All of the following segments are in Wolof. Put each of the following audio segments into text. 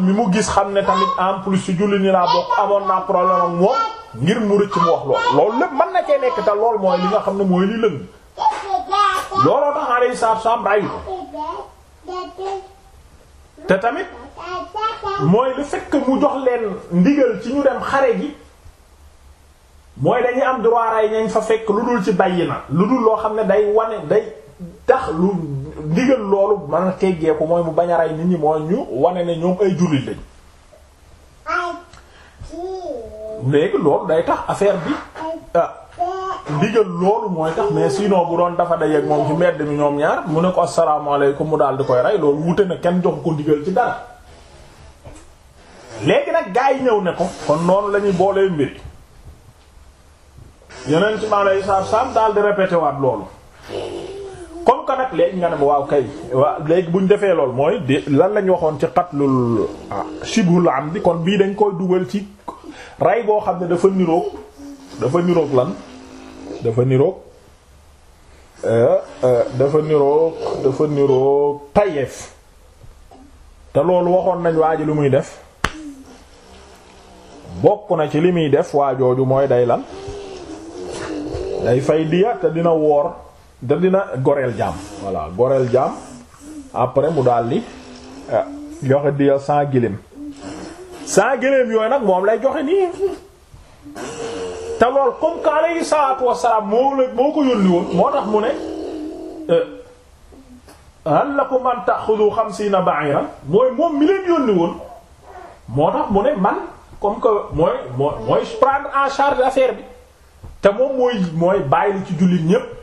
mi mu gis xam ne tamit en plus si julli ni laa bokk amoon naa problème ak moom ngir mu rëcc mu wax lool loolu na cee nekk te lool li nga xam ne mooy li lëng looloo tax tamit mooy lu fait que mu jox leen ndigal ci ñu dem xare gi mooy dañuy am droit ray ñañ fa fekk lu dul ci bayyi na lu dul loo xam ne day wane day lu ndigal loolu man a teggee ko mooy mu bañ a rey nit ñi mooy ñu wane ne ñoom ay jullit lañ léegi loolu day tax affaire bi ah ndigal loolu mooy tax mais sinon bu doon dafa dajeeg moom ci mbedd mi ñoom ñaar mu ne ko asalaamaaleykum mu daal di koy rey loolu wute na kenn joxu ko ndigal ci dara léegi nag gaa yi ñëw ne ko kon loolu lañuy ñuy boolee mbiri yeneen ci maa lay saab saab daal di répété waat loolu kon que nag léegi nga ne ma waaw kay waa léegi bu ñu defee lool mooy di lan lañ waxoon ci xatlul ah, shibhul amdi kon bii dañ koy dugal ci rey boo xam ne dafa niroog dafa nirook lan dafa niroog euh, euh, dafa niroog dafa niroog tayeef te loolu waxoon nañ waa ji lu muy def bokk na ci li muy def waa jooju mooy day lan day fay diya te dina woor da dina goreel jàmm voilà goreel jaam après mu daal di ah, joxe di cent gëléem cent yooyu nag moom lay joxe nii te lool comme que alayhi salaatu wassalaam moo la moo ko yónni woon moo tax mu ne eh, man comme que mooy mooy prendre en charge affaire bi te moom mooy mooy bàyyi li ci jullit ñépp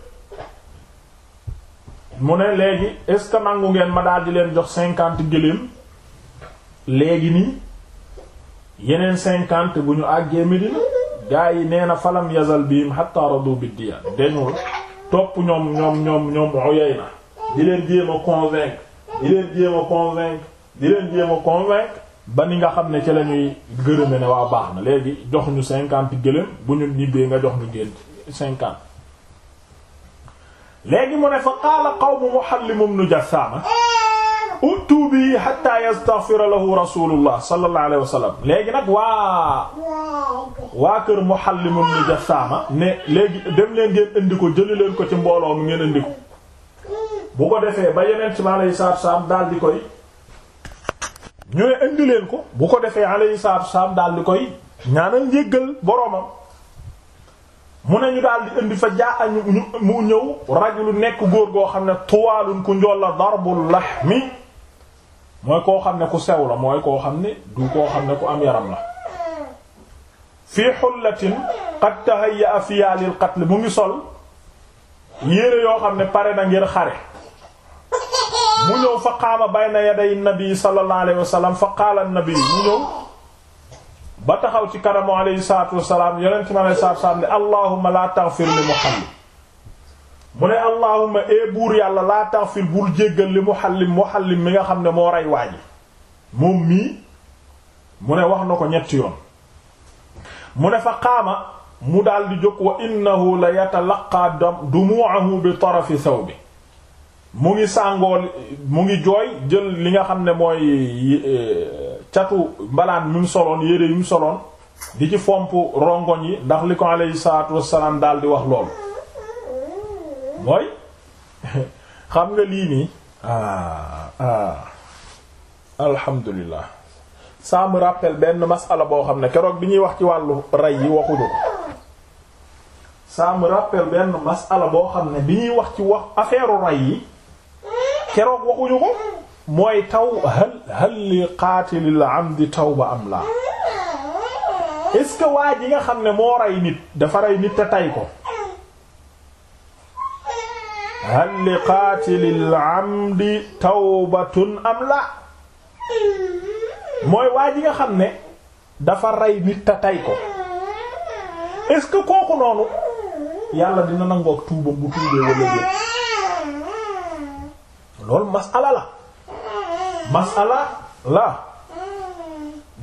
mu ne léegi est-ce que nangu ngeen ma daal di leen jox cinquante gëléem léegi nii yeneen cinquante bu ñu àggee Medina gaa yi nee na falam yazal bihim hatta radu biddiya dañu topp ñoom ñoom ñoom ñoom oyey na di leen jéem a convaincre di leen jéem a convaincre di leen jéem a ba ni nga xam ne ci lañuy ñuy gërëme ne waa baax na léegi jox ñu cinquante gëléem bu ñu ñibbee nga jox ñu génn cinquante léegi mu ne fa qaala qawmu Muhallim ibn Jassaama uttu bi hatta yastaghfira lahu rasulullah sallallahu alayhi wa sallam léegi nag waa waa kër Muhallim ibn Jassaama ne léegi dem leen ngeen indi ko jëli leen ko ci mbooloo mi ngeen indi ko bu ko defee ba yeneen ci alayhi salaatu wa salaam daal di koy ñu ne indi leen ko bu ko defee alayhi salaatu wa salaam daal di koy ñaanal njéggal boromam. mu ne ñu daal di indi fa jaa añu mu ñëw rajulu nekk góor goo xam ne tuwaalun ku njool la darbul lahmi mooy koo xam ne ku sew la mooy koo xam ne du koo xam ne ku am yaram la fii xullatin qad tahayya fiha lil qatl mu ngi sol yére yoo xam ne pare na ngir xare mu ñëw fa qaama bayna yaday nabi sallallahu alayhi wa sallam fa qaala nabi mu ñëw ba taxaw ci kanamu alayhi salaatu wassalaam yonent mi alayhi salaatu wassalaam ne allahumma laa taghfir li muhallim mu ne allahumma ee buur yàlla laa taghfir bul jéggal li muhallim muhallim mi nga xam ne moo rey waaji moom mii mu ne wax na ko ñetti yoon mu ne fa qaama mu daal di jóg wa innahu la yatalaqqa dumu'ahu bi tarafi thawbi mu ngi sàngoo mu ngi jooy jël li nga xam ne mooy eh, catu mbalaan mi mu soloon yére yu mu soloon di ci fomp rongoñ yi ndax li ko alayhi salaatu wassalaam daal di wax loolu mooy xam nga lii nii ah ah alhamdulilah benn masala boo xam ne keroog bi ñuy wax ci wàllu rey yi waxuñu ko ça me benn masala boo xam ne bi ñuy wax ci wax affaire rey yi keroog waxuñu ko mooy taw hal hal li qaatilil amdi tawba am laa est waa ji nga xam ne moo rey nit dafa rey nit te tay ko hal li qaatilil amdi tawbatun am la mooy waa ji nga xam ne dafa rey nit te tay ko est-ce que kooku noonu yàlla dina nangook tuubam bu tuubee walla loolu masala la masala la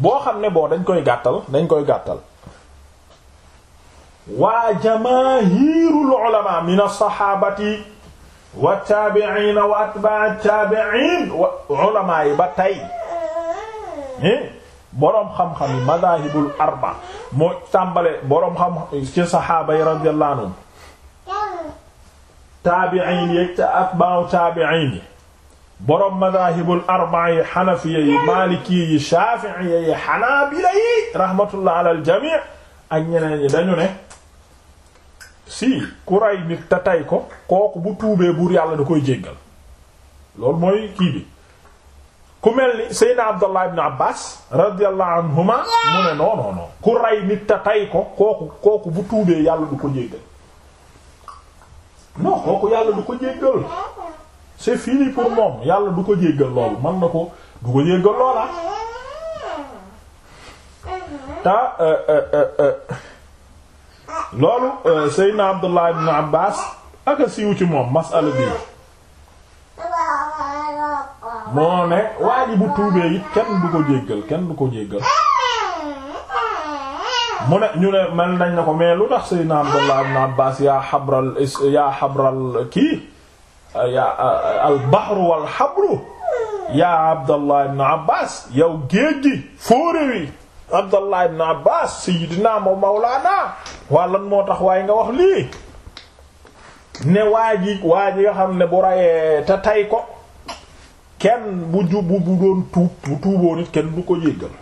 boo xam ne boo dañ koy gàttal dañ koy gàttal waa jamaahirul ulama min as-sahabati wa tabi'in wa atba'i tabi'in wa ulama yi ba tey boroom xam-xam yi madahibul arba moo tàmbale boroom xam ci saxaaba yi radiyallahu anhum yi ak atba'u boroom madahibul arbaa yi xanafiya yi maaliki yi shaafiiya yi ala aljami ak ñeneen dañu ne si ku ray nit te ko kooku bu tuubee buur yàlla da koy jéggal loolu mooy kii bi ku mel ni seydna abdullah ibn abbas radiallahu anhuma mu ne ku ray nit te kooku kooku bu tuubee yàlla du ko jéggal non c'est fini moom yàlla du ko jéggal loolu man na ko du ko jéggal loola ta euh, euh, euh, loolu Seydina Abdullah ibn Abbas aka siiw ci moom masala bi moo ne tuubee it kenn du ko jéggal kenn du ko jéggal mu ne ñu ne mel nañ na ko mais lu tax Seydina Abdullah ibn Abbas yaa xabral yaa xabral kii Euh, euh, euh, al bahru wal habru yaa abdallah ibn abbas yow géej gi fóore wi abdallah ibn abbas sayyidina ma mawlaana waa lan moo tax waaye nga wax lii ne waa ji waa ji nga xam ne bu rayee te tay ko kenn bu jubbu bu doon tuub bu tuuboo nit kenn du ko jéggal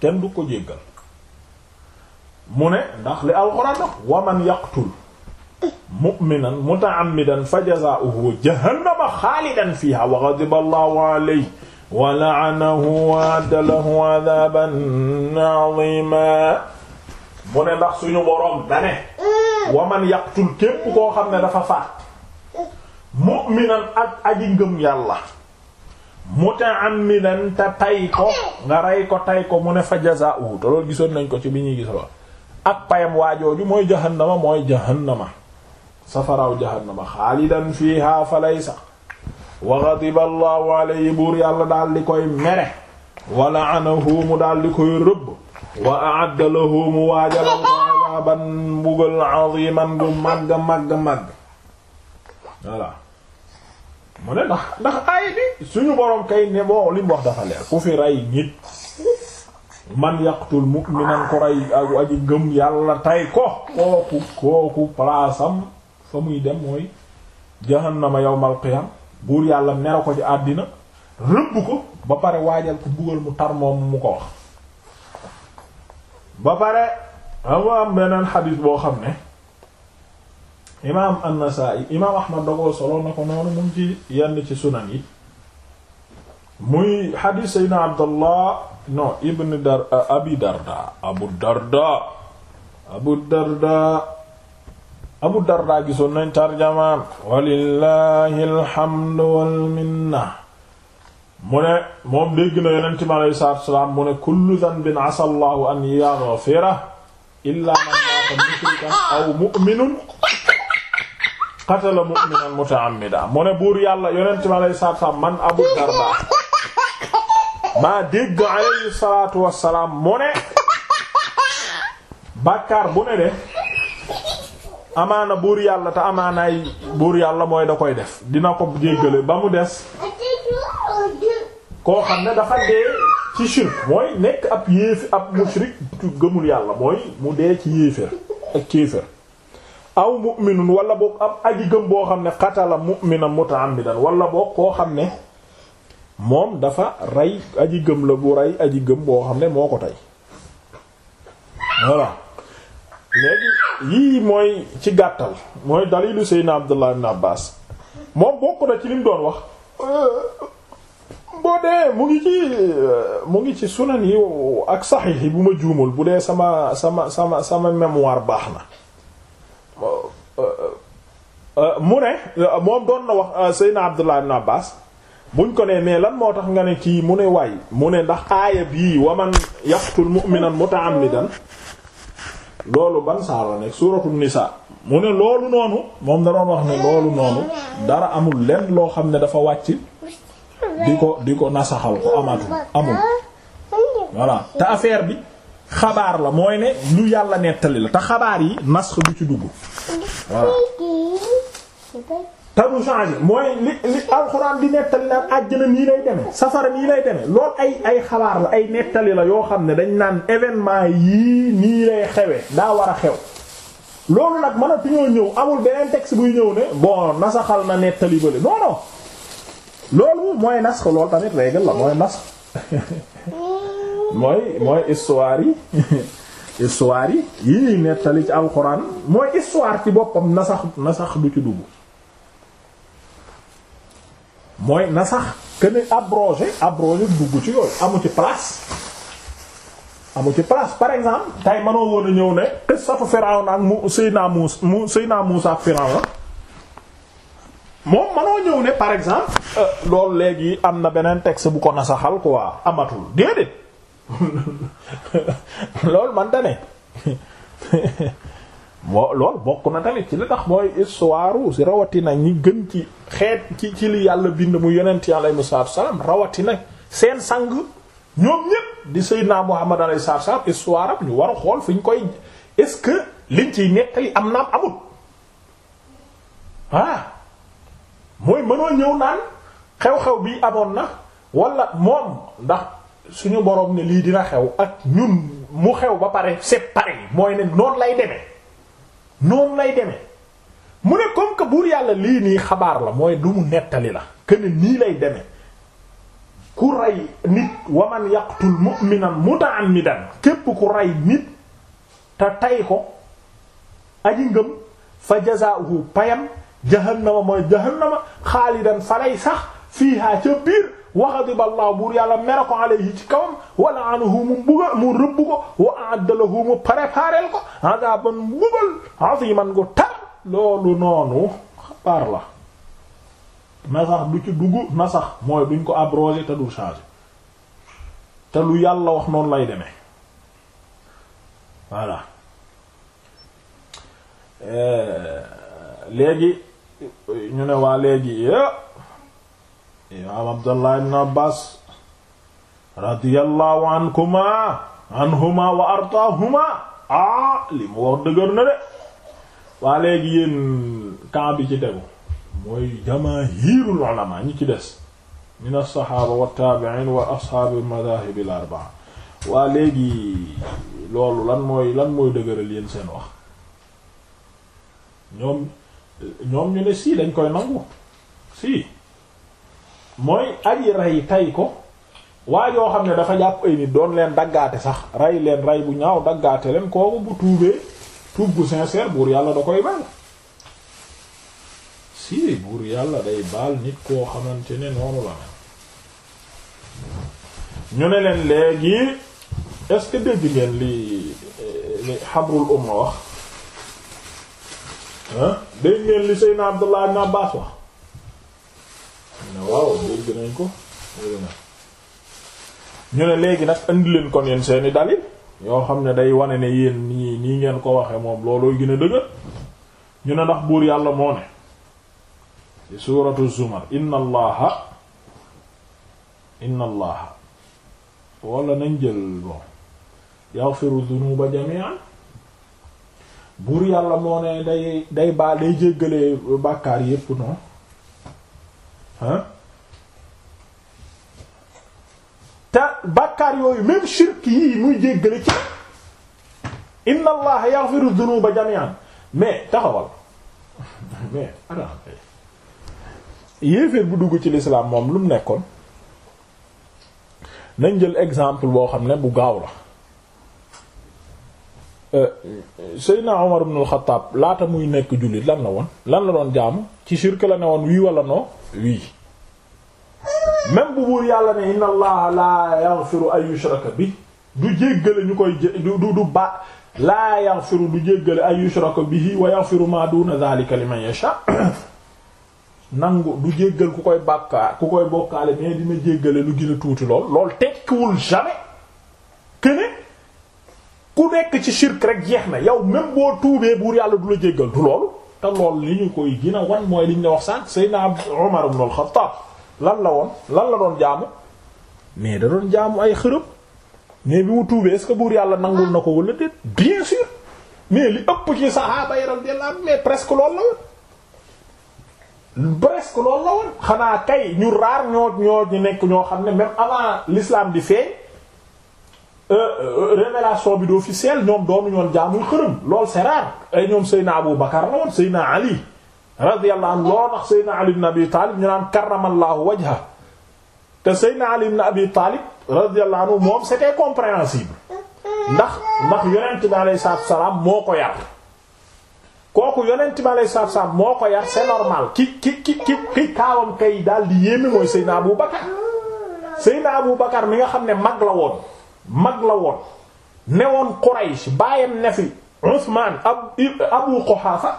kenn du ko jéggal mu ne ndax li alxuraan wax waman yaqtul mu'minan muta'ammidan fa jazaa'uhu jahannama xaalidan fiihaa wa ghadiba Allahu wa la'anahu wa adda lahu 'adaaban 'aziimaa mu ne ndax suñu boroom dane wa man yaqtul képp koo xam ne dafa faat mu'minan ak aji ngëm yàlla muta'ammidan te ko nga rey ko tay fa jazaa'uhu te loolu gisoon nañ ko ci bi ñuy gis ak payam waajooju mooy jahannama mooy jahannama safaraaw jahannama xaalidan fiiha falaysa wa ghadiba allahu alayhi buur yàlla daal di koy mere wa la'anahu mu daal di koy rëbb wa a'adda lahu mu waajalal ko adaban mbugal aziman gu màgg màgg màgg voilà mu ne ndax ndax aay bi suñu boroom kay ne boo li mu wax dafa leer ku fi rey nit man yaqtul mu'minan ko rey ak aji gëm yàlla tay ko kooku kooku palaasam fa muy dem mooy jahannama yawmal qiyam buur yàlla nera ko ci àddina rëbb ko ba pare waajal ko mbugal mu tar moom mu ko wax ba pare amu am beneen xadiis boo xam ne imaam an-Nasaa'i imaam Ahmad dogoo solo na ko noonu mu ci yenn ci sunan yi muy xadiis Seydina Abdallah non ibn dar Abi Darda Abu Darda Abu Darda Abu Darda gisoon nañ tarjamaam walillahi alhamdu wal minna mu ne na yonent bi aleyhi salaatu wasalaam mu ne kullu an yaghfira illa man maata mushrikan aw mu'minun qatala mu'minan muta'ammidan mu ne buur yàlla yonent bi de amaana buur yàlla te amaanaay buur yàlla mooy da koy def dina ko jéggale ba mu des koo xam ne dafa dee ci shirk mooy nekk ab yéef ab mushrik gëmul yàlla mooy mu dee ci yéeféer ak kéeféer aw mu'minun wala boog ab aji gëm boo xam ne qatala mu'minan muta'ammidan wala boog koo xam ne moom dafa rey aji gëm la bu rey aji gëm boo xam ne moo ko tey voilà léegi yii mooy ci gàttal mooy dalilu Seydina Abdullah ibn Abbas moom bokk na ci lim doon wax boo dee mu ngi ci mu ngi ci sunan yi ak saxiix yi bu ma juumul bu dee sama sama sama sama mémoire baax na mu ne moom doon na wax Seydina Abdullah ibn Abbas buñ ko ne mais lan moo tax nga ne kii mu ne waay mu ne ndax aaya bii waman yaqtul mu'minan muta'ammidan loolu ban saar la nekk suuratu nisaa mu ne loolu noonu moom da wax ne loolu noonu dara amul lenn loo xam ne dafa wàcc di ko di ko nasaxal ko amatu amul voilà te affaire bi xabaar la mooy ne lu yàlla nettali la te xabaar yi nasx du ci dugg voilà te du changer mooy li li alxuraan di nettali naan àjjana nii lay demee safara nii lay demee lool ay ay xabaar la ay nettali la yoo xam ne dañ naan événement yii nii lay xewee daa war a xew loolu nag man a fi ñëw amul beneen texte buy ñëw ne bon nasaxal na nettali bële non loolu mooy nas ko loolu tamit règle la mooy nas mooy mooy histoire yi histoire yi yi ñuy nettali ci alxuraan mooy histoire ci boppam nasax nasax du ci dugg. mooy na sax que ne abrogé abrogé dugg ci yooyu amu ci place amu ci place par exemple tey manoo woon a ñëw ne qissatu Firawna ak mu Seyna Muusa mu Seyna Muusa ak Firawna moom manoo ñëw ne par exemple euh, loolu léegi am na beneen texte bu ko nasaxal waa amatul déedéet loolu man da ne moo lool bokk na tamit ci li tax mooy histoire si rawatina ñi gën ci xeet ci ci li yàlla bind mu yonent yi alayhi salaatu salaam rawatina seen sang ñoom ñépp di Seydina Muhammad alayhi salaatu salaam histoire am ñu war a xool fi ñu koy est-ce que liñ ci nettali am naam amul mooy mënoo ñëw naan xew-xew bi amoon na wala moom ndax suñu boroom ne lii dina xew ak ñun mu xew ba pare c'est pareil mooy ne noonu lay demee. noonu lay deme mu ne comme que buur yàlla lii nii xabaar la mooy lu mu nettali la këni nii lay demee ku rey nit waman yaqtul mu'minan muta'ammidan képp ku rey nit te tey ko aji ngëm fa jazaa'uhu payam jahannama mooy jahannama xaalidan falay sax fiihaa ca wa ghadiba Allah buur yàlla mere ko alayhi ci kawam wa la'anahu mu mbugal mu rëbb ko wa a'adda lahu mu préparel ko adaban mbugal aziman gu tar loolu noonu xabaar la nasax du ci dugg nasax mooy duñ ko abrogé te du changé te lu yàlla wax noonu lay deme voilà euh, léegi ñu ne waa léegi imaam abdallah ibn abbas radiyallahu ankumaa anhuma wa ardaahuma ah li mu wax dëgër na de waa léegi yéen camp bi ci tegu mooy jamaahirul ulama ñi ci des min as-saxaaba wa taabi'in wa ashaabil madaahibil arba'a waa léegi loolu lan mooy lan mooy dëgëral yéen seen wax ñoom ñoom ñu ne si dañ koy nangu si mooy aji rey tay ko waa yoo xam ne dafa jàpp ay nit doon leen daggaate sax ray leen ray bu ñaaw daggaate leen kooku bu tuubee tuub bu sincère buur yàlla da koy baal si buur yàlla day baal nit koo xamante ne noonu la ne ñu ne leen léegi est-ce que dégg ngeen li li xabrul umma wax ah dégg ngeen li Seydina Abdullah ibn Abbas wax waaw dégg nañ ko na ñu ne léegi nag indi leen kon seeni dalil yoo xam ne day wane ne yéen nii ngeen ko waxe moom loolooy gën a dëgër ñu ne ndax buur yàlla moo ne ci suuratu zumar inna allaha inna allaha wala nañ jël bon yaghfiru dhunuba jami'an buur yàlla moo ne day day baal day jéggalee bàkkaar yépp non ta bàkkaar yooyu même shirk yii muy jéggale ci inna allaha yaghfiru dhunuba jami'an mais taxawal mais yéeféer bu dugg ci l'islam moom lu mu nekkoon nañ jël exemple boo xam ne bu gaaw la Euh, Seydina Omar ibn al-Khattab laata muy nekk jullit lan la woon lan la doon jaamu ci shirk la ne woon wii wala non wii même bu buur yàlla ne inna allaha laa yaghfiru ay yushraka bi du jéggale ñu koy du du ba laa yaghfiru du jéggale ay yushraka bihi wa yaghfiru ma duna dhalika liman yasha nangu du jéggal ku koy bàkkaar ku koy bokkaale mais dina jéggale lu gën tuuti lool lool tekkiwul jamais kene ku nekk ci shirk rek jeex na yow même boo tuubee buur yàlla du la jéggal du loolu te loolu li ñu koy gën a wan mooy liñ la wax sànq Seydina Umar ibn al-Khattab lan la woon lan la doon jaamu mais da doon jaamu ay xërëb mais bi mu tuubee est-ce buur yàlla nangul na ko wala déet bien sûr mais li ëpp ci saxaaba yi radiyallahu anhum mais presque loolu la woon presque loolu la woon xanaa kay ñu raar ñoo ñoo ñu nekk ñoo xam ne même avant lislaam di feeñ Euh, euh, révélation bi du officiel ñoom doonu ñoon jaamul xërëm lool c'est ay ñoom Seydina Abu Bakar la woon Seydina Ali radiyallahu anhu lool ndax Seydina Ali ibn Abi Talib ñu naan karramallahu wajha te Seydina Ali na Abi Talib radiyallahu anhu moom c'était compréhensible ndax ndax yonent bi alayhi salaatu salaam moo ko yar kooku yonent bi alayhi salaatu salaam moo ko yar c'est normal ki ki ki ki ki kaawam kay daal di yéeme mooy Seydina Abu Bakar Seydina Abu Bakar mi nga xam ne mag la woon mag la woon newoon Quraysh baayam ne fi Usmaan Abu Quhaafa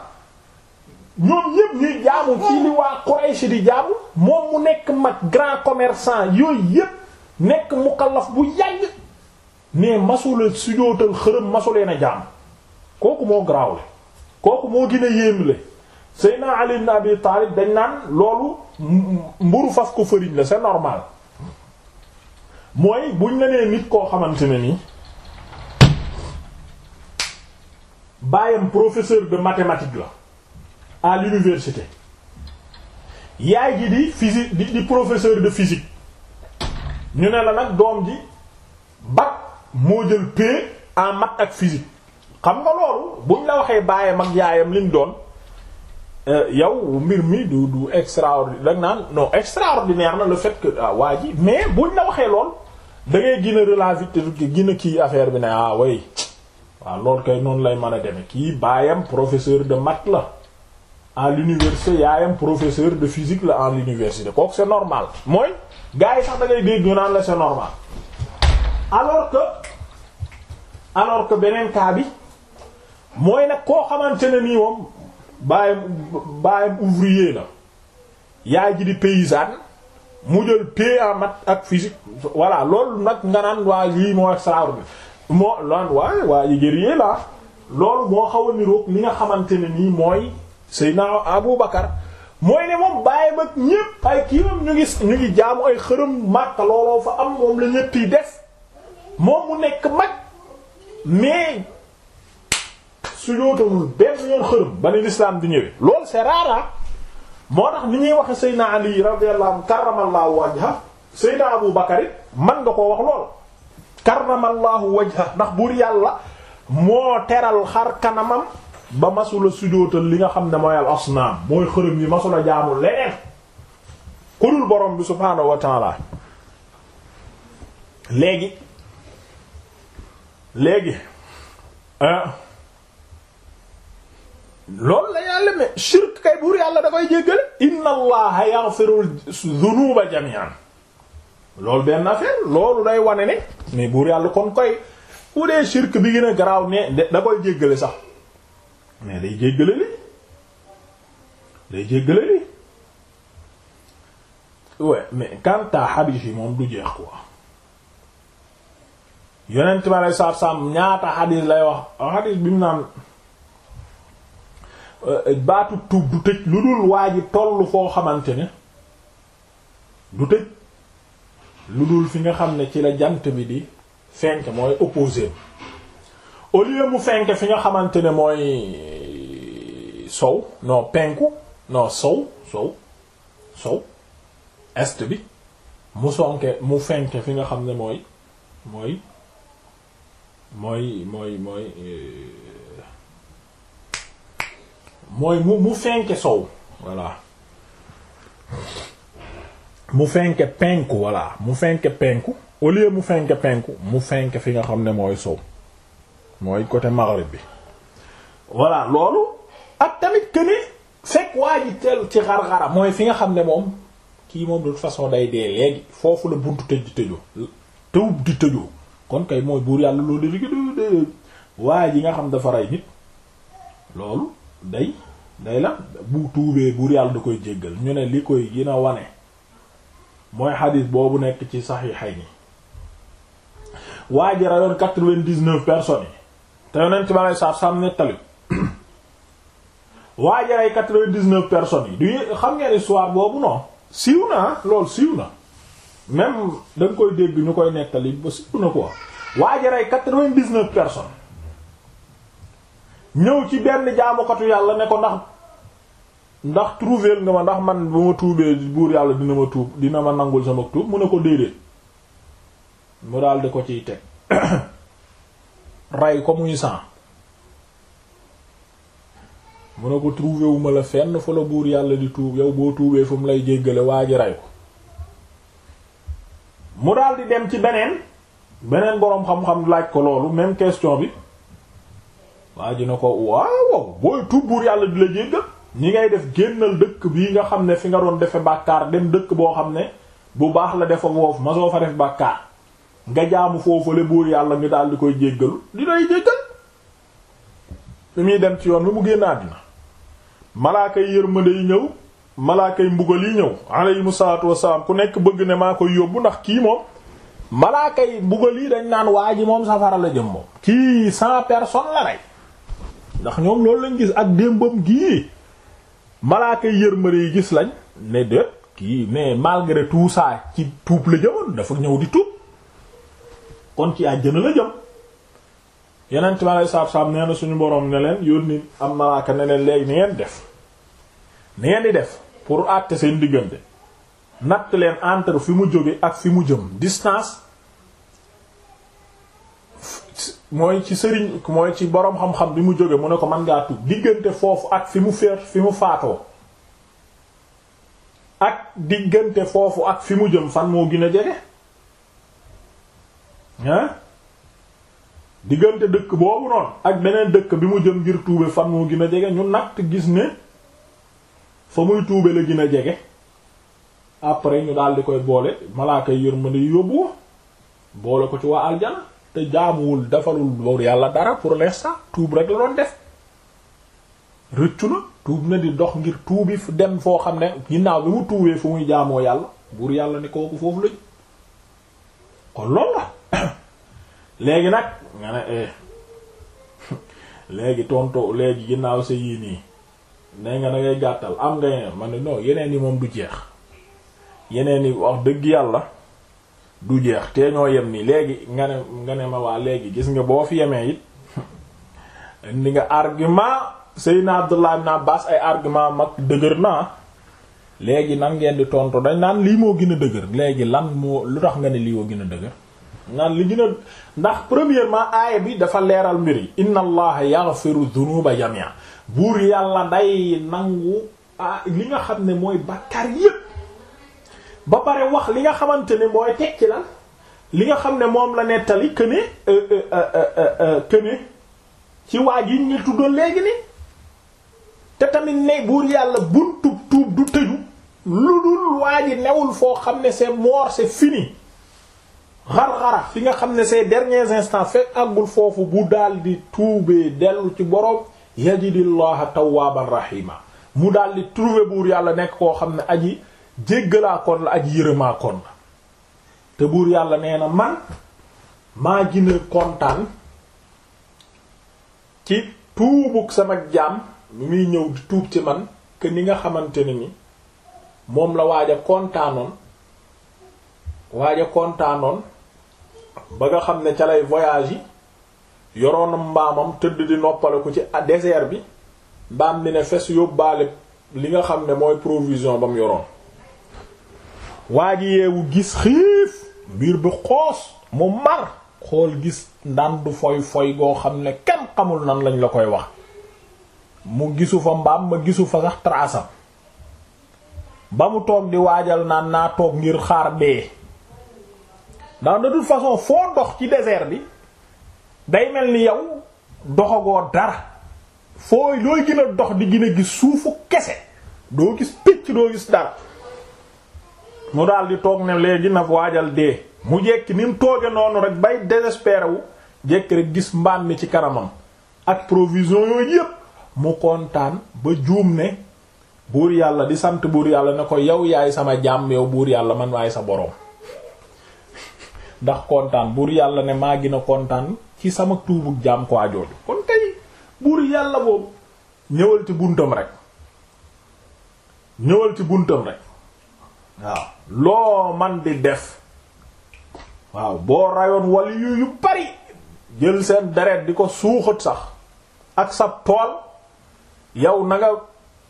ñoom ñépp ñuy jaamu ci li waa Quraysh di jaamu moom mu nekk mag grand commerçant yooyu yépp nekk mukallaf bu yàgg mais masula sujootal xërëm leen a jaam kooku moo garaawle kooku moo gën a yéemle Seydina Ali ibn Abi Taalib dañ naan loolu mburu fas ko fëriñ la c'est normal mooy buñ la nee nit koo xamante ne ni baayam professeur de mathématiques la à l'université yaay ji di physique di professeur de physique ñu ne la nag doom ji bac moo jël P en maths ak physique xam nga loolu buñ la waxee baayam ak yaayam liñ doon euh, yow mbir mi du du extraordinaire nag naan non extraordinaire na la fait ah, waa ji mais buñ la waxee lool. da ngay gën a relativité kii affaire bi ne ah way waaw loolu kay noonu lay mën a demee kii baayam professeur de maths la à l'université yaayam professeur de physique la en l'université kooku c'est normal mooy gars yi sax da ngay dégg ñu naan la c'est normal alors que alors que beneen kaa bi mooy nag koo xamante ne nii moom baayam baayam ouvrier la yaay ji di paysanne. mu jël P en ak physique voilà loolu nag nga naan waa lii moo extraordinaire moo lan waaye waa Iguérie la loolu moo xaw a niroog li nga xamante ne nii mooy Seydina Abu Bakar mooy ne moom bàyyi ba ñépp ay kiiwam ñu ngi ñu ngi jaamu ay xërëm Makka fa am moom la ñépp yi def moom mu nekk mag mais su yootamul benn yoon xërëm ba ne l'islam di ñëwee loolu c'est moo tax ni ñuy waxe Seydina Ali radiyallahu anhu karramallahu wajha Seydina Abu Bakar man nga koo wax lool karramallahu wajha ndax buur yàlla moo teral xar kanamam ba masula sujootal li nga xam ne mooy al asnaam mooy xërëm yi masula jaamul leneen ku dul borom bi subhaanahu wa léegi léegi loolu la yàlla mais shirk kay buur yàlla da koy jéggale inna allaha yaghfiru dhunuba jami'an loolu benn affaire loolu day wane ne mais buur yàlla kon koy bu dee shirk bi gën a garaaw ne da koy jéggale sax mais day jéggale li day jéggale li ouais mais quant à yi moom du jeex quoi yonent ma lay saab saab ñaata hadith lay wax hadith bi mu naan Euh, baatu tuub du tëj lu dul waa ji tollu foo xamante ne du tëj lu dul fi nga xam ne ci la jant bi di fenk mooy opposé au lieu mu fenk fi nga xamante ne mooy sow non penku non sow sow sow est bi mu sonke mu fenk fi nga xam ne mooy mooy mooy mooy mooy euh, mooy mu mu fenke sow voilà mu fenke penku voilà mu fenke penku mu fenke mu fenke fi nga xam ne mooy sow mooy côté maghrib bi voilà loolu ak tamit que ni fekk waa ji teel ci xar-xara mooy fi nga xam ne moom kii moom de façon day dee léegi foofu la buntu tëj di tëjoo tëwub di tëjoo kon kay mooy buur yàlla loolu di di waa ji nga xam dafa rey nit loolu day day la bu tuubee buur yàlla du koy jéggal ñu ne li koy gën a wane mooy xadis boobu nekk ci sax yi ji rayoon quatre-vingt-dix-neuf personnes yi te yonent ba ngay saab saab nettali personnes yi du xam ngeen histoire boobu noo siiw na lool siiw na même da nga koy dégg ñu koy nettali ba siiw na quoi waa ji ray quatre vingt dix ñëw ci benn jaamukatu yàlla ne ko ndax ndax trouver nga ma ndax man bu ma tuubee buur yàlla dina ma tuub dina ma nangul sama tuub mu ne ko déedéet mu daal di ko ciy teg ray ko muy san mu ne ko trouver wu ma la fenn folo buur yàlla di tuub yow boo tuubee fu mu lay jéggale waa ji rey ko mu daal di dem ci beneen beneen boroom xam-xam laaj ko loolu même question bi waa ji ne ko waaw booy tuub buur yàlla di la jéggal ñi ngay def génnal dëkk bii nga xam ne fi nga doon defe bàkkaar dem dëkk boo xam ne bu baax la defa woofu ma soo fa def bàkkaar nga jaamu foofule buur yàlla ñu daal di koy jéggalu di lay jéggal fi muy dem ci yoon bi mu génn àddina malaaka yi ñëw malaaka yi mbugal yi ñëw alayhimu salaatu wassalaam ku nekk bëgg ne maa koy yóbbu ndax kii moom malaaka yi mbugal yi dañ naan waa ji moom safara la jëm kii cent personnes ndax ñoom loolu lañ gis ak démbam gii malaaka yërmande yi gis lañ ne de kii mais malgré tout ça ci tuub la jëmoon dafa ñëw di tuub kon ci àjjana la jëm yeneen ma lay saab-saab nee na suñu borom ne leen yónni am malaaka ne leen léegi ni ngeen def ni ngeen di def pour àtte seen diggante natt leen entre fi mu jóge ak fi mu jëm distance mooy ci sëriñ mooy ci boroom xam-xam bi mu jóge mu ne ko mën ngaa tuub diggante foofu ak fi mu feer fi mu faatoo ak diggante foofu ak fi mu jëm fan moo gin a jege diggante dëkk boobu noonu ak beneen dëkk bi mu jëm ngir tuube fan moo gin a jege ñu natt gis ne fa muy tuube la gën a jege après ñu daal koy boole ma yërmande yóbbu boole ko ci waa aljana te jaamuwul defalul boobu yàlla dara pour sa tuub rek la doon def rëccu na tuub na di dox ngir tuubi dem foo xam ne ginnaaw bi mu tuubee fu muy jaamoo yàlla buur yàlla ne kooku foofu lañ kon loolu la léegi nag nga ne eh, léegi tonto léegi ginnaaw sa yii nii ne nga da ngay gàttal am nga yeneen ma ne non yeneen yi moom du jeex yeneen yi wax dëgg yàlla du jeex te ñoo yem nii léegi nga ne nga ne ma waa léegi gis nga boo fi yemee it ni nga argument Seydina Abdullah ibn Abbas ay argument mag dëgër naa léegi nan ngeen di tontu dañ naan lii moo gën a dëgër léegi lan moo lu tax nga ne lii moo gën a dëgër naan li gën a ndax premièrement aaya bi dafa leeral mbir yi inna allaha yaghfiru dhunuba jami'a buur yàlla day nangu ah li nga xam ne mooy bàkkaar yépp ba pare wax li nga xamante ne mooy teg ci la li nga xam ne moom la nettali que ne euh, euh, euh, que ne ci waa ji ñu tuddoon léegi ni te tamit ne buur yàlla buntu tuub du tëju lu dul waa ji newul foo xam ne c'est mort c'est fini xar-xara fi nga xam ne ces dernier instant fekk àggul foofu bu daal di tuubee dellu ci boroom yajidillaha tawwaban rahima mu daal di trouver buur yàlla nekk koo xam ne aji jéggalaakoon la ak yërëmaakoon la te buur yàlla nee na man maa gën kontaan ci tuubug sama jaam lu muy ñëw di tuub ci man que ni nga xamante ne ni moom la waaj a kontaanoon waaj kontaanoon ba nga xam ne ca lay voyage yi yoroon mbaamam tëdd di noppale ko ci désert bi mbaam bi ne fes yóbbaale li nga xam ne mooy provision ba mu yoroon waa ji yeewu gis xiif biir bi xoos mu mar xool gis ndandu foy foy goo xam ne kenn xamul nan lañ la koy wax mu gisu fa mbaam ma gisu fa sax trasam ba mu toog di waajal naan naa toog ngir xaar bee ndax de façon foo dox ci désert bi day mel ni yow doxagoo dara foo looy gën dox di gën gis suufu kese doo gis picc doo gis dara mu daal di toog ne léegi na waajal dee mu jekki ni mu noonu rek bay désespéré wu jekki rek gis mbaam mi ci kanamam ak provision yooyu yépp mu kontaan ba juum ne buur yàlla di sant buur yàlla ne ko yow yaay sama jàmm yow buur yàlla man waaye sa boroom ndax kontaan buur yàlla ne maa gën kontaan ci sama tuubu jaam ko ajooju kon tey buur yàlla boobu ñëwal ci buntam rek ñëwal ci buntam rek waaw loo man di def waaw boo rayoon waliyu yu bari jël seen deret di ko suuxat sax ak sa tool yow na nga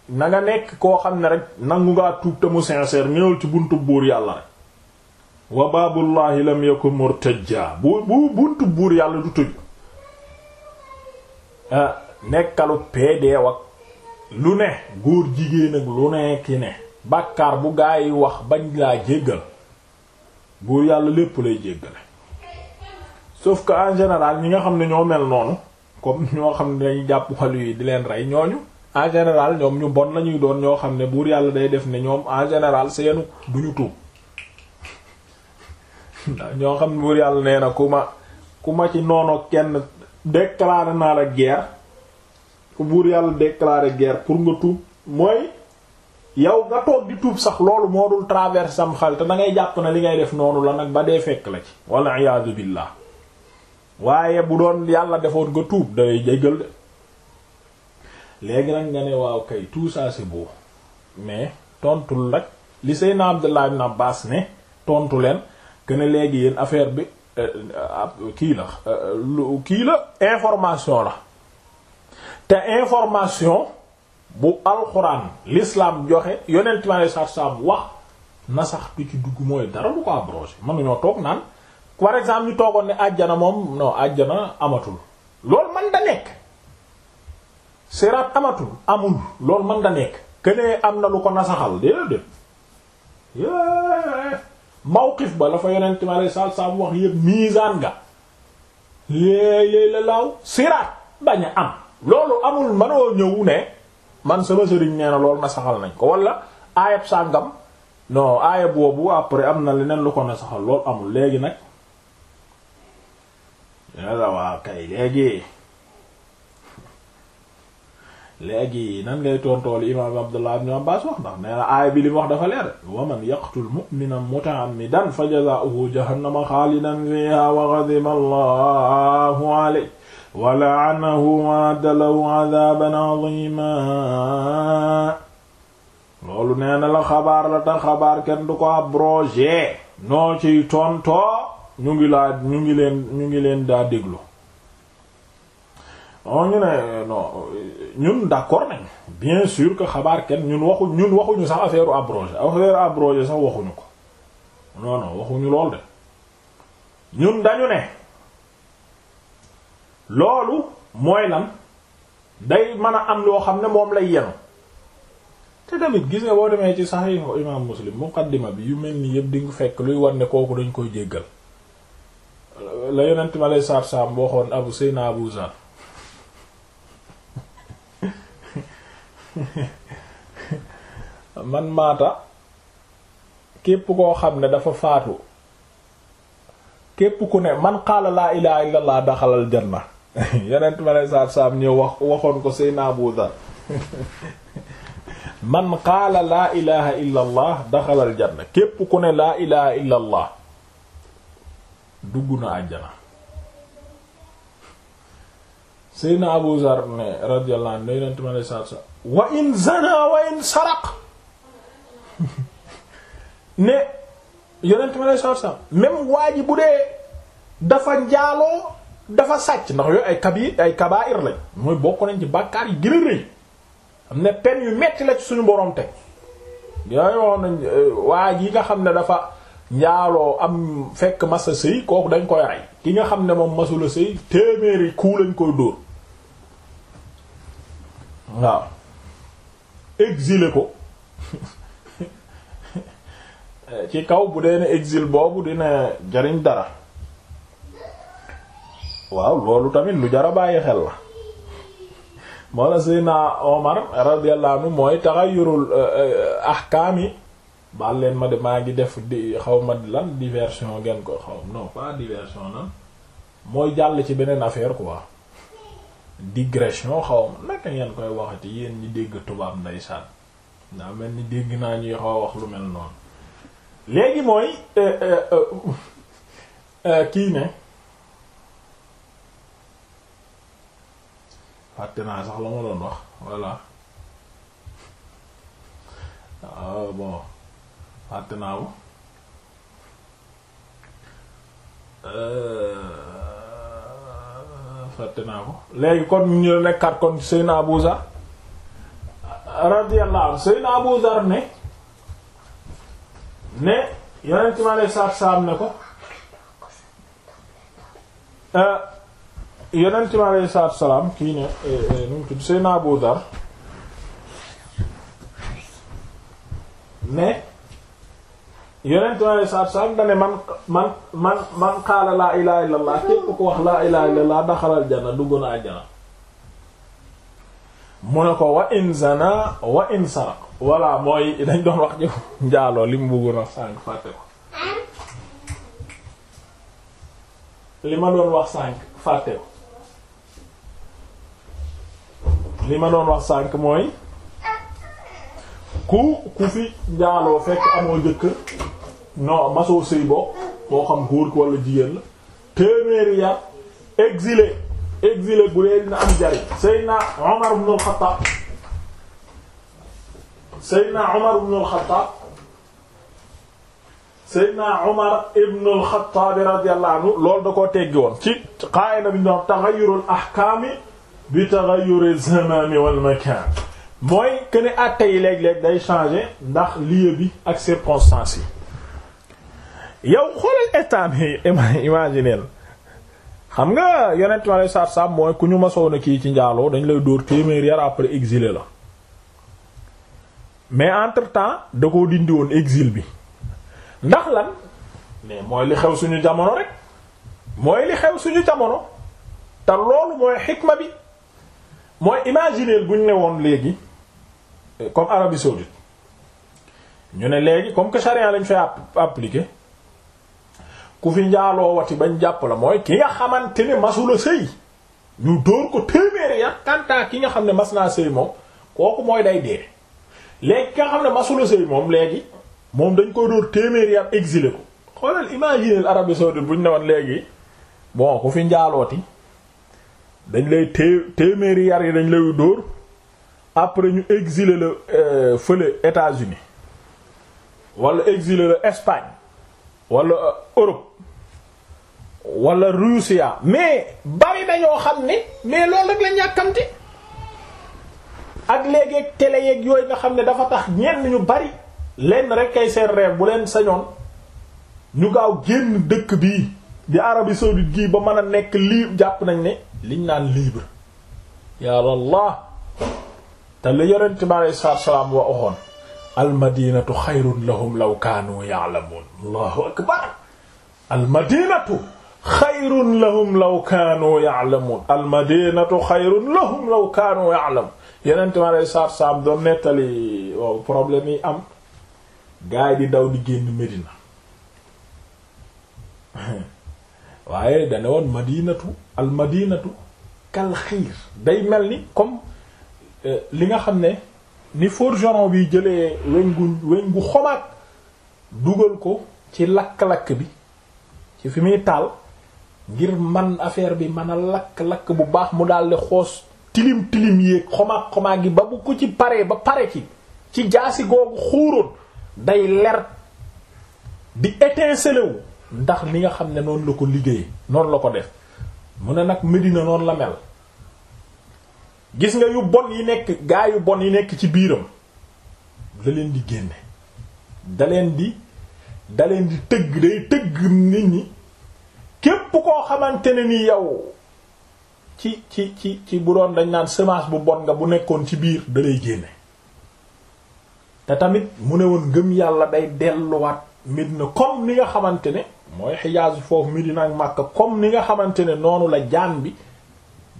na nga nekk koo xam ne rekk nangu ngaa tuub te mu sincère ci buntu buur yàlla rek wa baabullahi lam yakun murtajja bu bu buntu buur yàlla du tëj ah, nekkalu pdw ak lu ne góor jigéen ak lu ne ki ne bàkkaar bu gaa yi wax bañ laa jéggal buur yàlla lépp lay jéggale sauf que en général ñi nga xam ne ñoo mel noonu comme ñoo xam ne dañuy jàpp wàllu yi di leen rey ñooñu en général ñoom ñu bon lañuy doon ñoo xam ne buur yàlla day def ne ñoom en général seenu duñu tuub ñoo xam ne buur yàlla nee na ku ma ku ma ci noonu kenn déclaré naa la guerre ku buur yàlla déclaré guerre pour nga tuub mooy yow nga toog di tuub sax loolu moo dul traverse sam xel te ngay jàpp na li ngay def noonu la nag ba dee fekk la ci walla iyaadu billaah waaye bu doon yàlla defoon nga tuub jégal léegi nag nga ne waaw kay tout ça c'est mais tontul rek li Seydina Abdullah ibn Abbas ne tontu leen que ne léegi affaire bi euh, kii la euh, kii la information la te information bu alxuraan lislaam joxe yonent mi alei satu salaam wax nasax bi ci dugg mooy dara du ko abrogé mën nañoo toog naan par exemple ñu toogoon ne àjjana moom non àjjana amatul loolu man da nekk siraat amatul amul loolu man da nekk kenee am na lu ko nasaxal déedéet mawqif ba la fa yonent mi alei satu siraat bañ a am loolu amul mënoo ñëw ne man sama sëriñ nee na loolu na saxal nañ ko wala aayab sàngam non aaya boobu après am na leneen lu ko na saxal amul léegi nag yàlla waa kay léegi nan ngay tontool imaam Abdullah ibn Abbas wax ndax nee na bi li mu wax dafa leer wa man yaqtul mu'mina muta'ammidan fa jazaa'uhu jahannama xaalidan fiihaa wa ghadiba Allahu walaanahu waadda lahu adaban adima loolu nee na la xabaar la tax xabaar kenn du ko abrogé noo ciy tontoo ñu ngi laa ñu ngi leen ñu ngi leen daa déglu o oh, ñu ne non ñun d'accord nañ bien sûr que xabaar kenn ñun waxu ñun waxuñu sax affaire abrogé affaire abrogé sax waxuñu ko non waxuñu lool de ñun dañu ne loolu mooy lan day mën a am loo xam ne moom lay yenu te tamit gis nga boo demee ci Sahih Imam Muslim muqaddima bi yu mel nii yëpp di nga fekk luy war ne kooku dañ koy jéggal la yonent ma lay saar saam boo abu seyna abu zar man maata képp koo xam ne dafa faatu képp ku ne man qaala laa ilaaha laa daxalal janna yonent ma lay saab man qaala laa ilaha illa allah daxala al ku ne laa ilaha illa allah dugg na àjjana Seydina Abu Dhar wa in zana wa in saraq ne yonent ma lay dafa njaaloo dafa sàcc ndax yooyu ay kabi ay kabaa'ir lañ mooy bokk nañ ci bàkkaar yi gën rëy am na peine yu metti la ci suñu borom teg yooyu nañ euh, waa yi nga xam ne dafa njaaloo am fekk masa sëy kooku dañ koy rey ki nga xam ne moom masula sëy téeméeri kuu lañ koy dóor waaw exilé ko eh, ci kaw bu dee ne exil boobu dina jariñ dara waaw loolu tamit lu jara bàyyi xel la moo la Seydina Omar radiyallahu anhu mooy taxayurul euh, euh, ahkaam yi baal leen ma de maa ngi def di xaw ma lan diversion ngeen ko xaw non pas diversion nan mooy jàll ci beneen affaire quoi digression xaw ma naka ngeen koy waxati yéen ñi dégg tubaab ndeysaan ndaa mel ni dégg naa ñuy xaw wax lu mel noonu léegi mooy euh, kii ne fàtte naa sax la ma doon wax voilà ah bon fàtte naa ko euh, fàtte naa ko léegi kon ñu ñu nekkaat kon Seyna Abu Zar radiyallahu anhu Seyna Abu Zar ne ne yonent mi alayhi salaatu salaam ne ko euh, yonent bi aleyhi salaatu wa salaam kii ne eh, eh, nu mu tudd Seydina Abu Dar ne yonent bi aleyhi salaatu salaam da man man man man qaala laa ilaaha illallaah képp ku wax laa ilaaha illallaah daxalal janna dugg na àjjana mu ne ko wa in zana wa in saraq voilà mooy dañ doon wax jëf njaaloo li mu bëggoon wax sànq fàtte ko li ma doon wax sànq fàtte ko li ma doon wax sànq mooy ku ku fi njaaloo fekk amoo jëkkër non masoo sëy boo moo xam góor ki wala jigéen la téeméeri yar exilé exilé bu dee dina am jari Seydina Omar ibn al-Khattab Seydina Omar ibn al-Khattab Seydina Omar ibn al-Khattab radiyallahu anhu loolu da koo teggi woon ci qaayida bi ñu doon ahkaami bi taghayyur zaman wal makan mooy que ne àtte yi léeg-léeg day changer ndax lieu bi ak circonstances yi yow xoolal état bi imagineel xam nga yonent mi alei satu salaam mooy ku ñu masoon a kii ci njaaloo dañu lay dóor téeméer yar après exilé la mais entre temps da koo dindi woon exil bi ndax lan mais mooy li xew suñu jamono rek mooy li xew suñu jamono te loolu mooy xikma bi mooy imaginer bu ñu ne woon léegi comme Arabie saoudite ñu ne léegi comme que charia lañu fay appliquer ku fi njaaloo wati bañ jàpp la mooy ki nga xamante ne masula sëy ñu dóor ko téeméeri ya kantaa ki nga xam ne mas naa sëy moom kooku mooy day dee léegi ki nga xam ne masula sëy moom léegi moom dañ koy dóor téeméeri ya exilé ko xoolal imaginer arabi saoudite bu ñu ne woon léegi bon ku fi njaalooti dañ lay té téeméeri yar yi dañ lay dóor après ñu exiler la euh, fële États-Unis wala exiler la Espagne wala euh, Europe wala Russie mais bari dañoo xam ne mais loolu rek la ñàkkamti ak léegi ak télé yeeg yooyu nga xam ne dafa tax ñenn ñu bari lenn rek kay seen rêve bu leen sañoon ñu gaaw génn dëkk bi di Arabie saoudite gii ba mën a nekk lii jàpp nañ ne liñ naan libre ya Allah te li yonent wa waxoon almadinatu xayrun lahum law kaanu ya'lamuun allahu akbar almadinatu xayrun lahum law kaanu ya'lamuun almadinatu xayrun lahum law kaanu ya'lamuun yi am gaay di daw di génn Medina waaye dane woon madinatu al madinatu kal day mel ni comme euh, li nga xam ne ni forgeron bi jëlee weñ gu weñ gu xomaat dugal ko ci lakk-lakk bi ci fi muy taal ngir man affaire bi mën a lakk-lakk bu baax mu daldi xoos tilim tilim yéeg xomaag xomaag gi ba bu ko ci paree ba pare ci ci jaasi googu xuuroon day ler di étinceler ndax li nga xam ne noonu la ko liggéey noonu la ko def mu ne nag Medina noonu la mel gis nga yu bon yi nekk gaa yu bon yi nekk ci biiram da leen di génne da di da leen di tëgg day tëgg nit ñi képp koo xamante ne ni yow ci ci ci ci bu doon dañ naan semence bu bon nga bu nekkoon ci biir da lay génne te tamit mu ne woon gëm yàlla day delluwaat Medina comme li nga xamante ne mooy xijaas foofu Medina ak Makka comme ni nga xamante ne noonu la jaan bi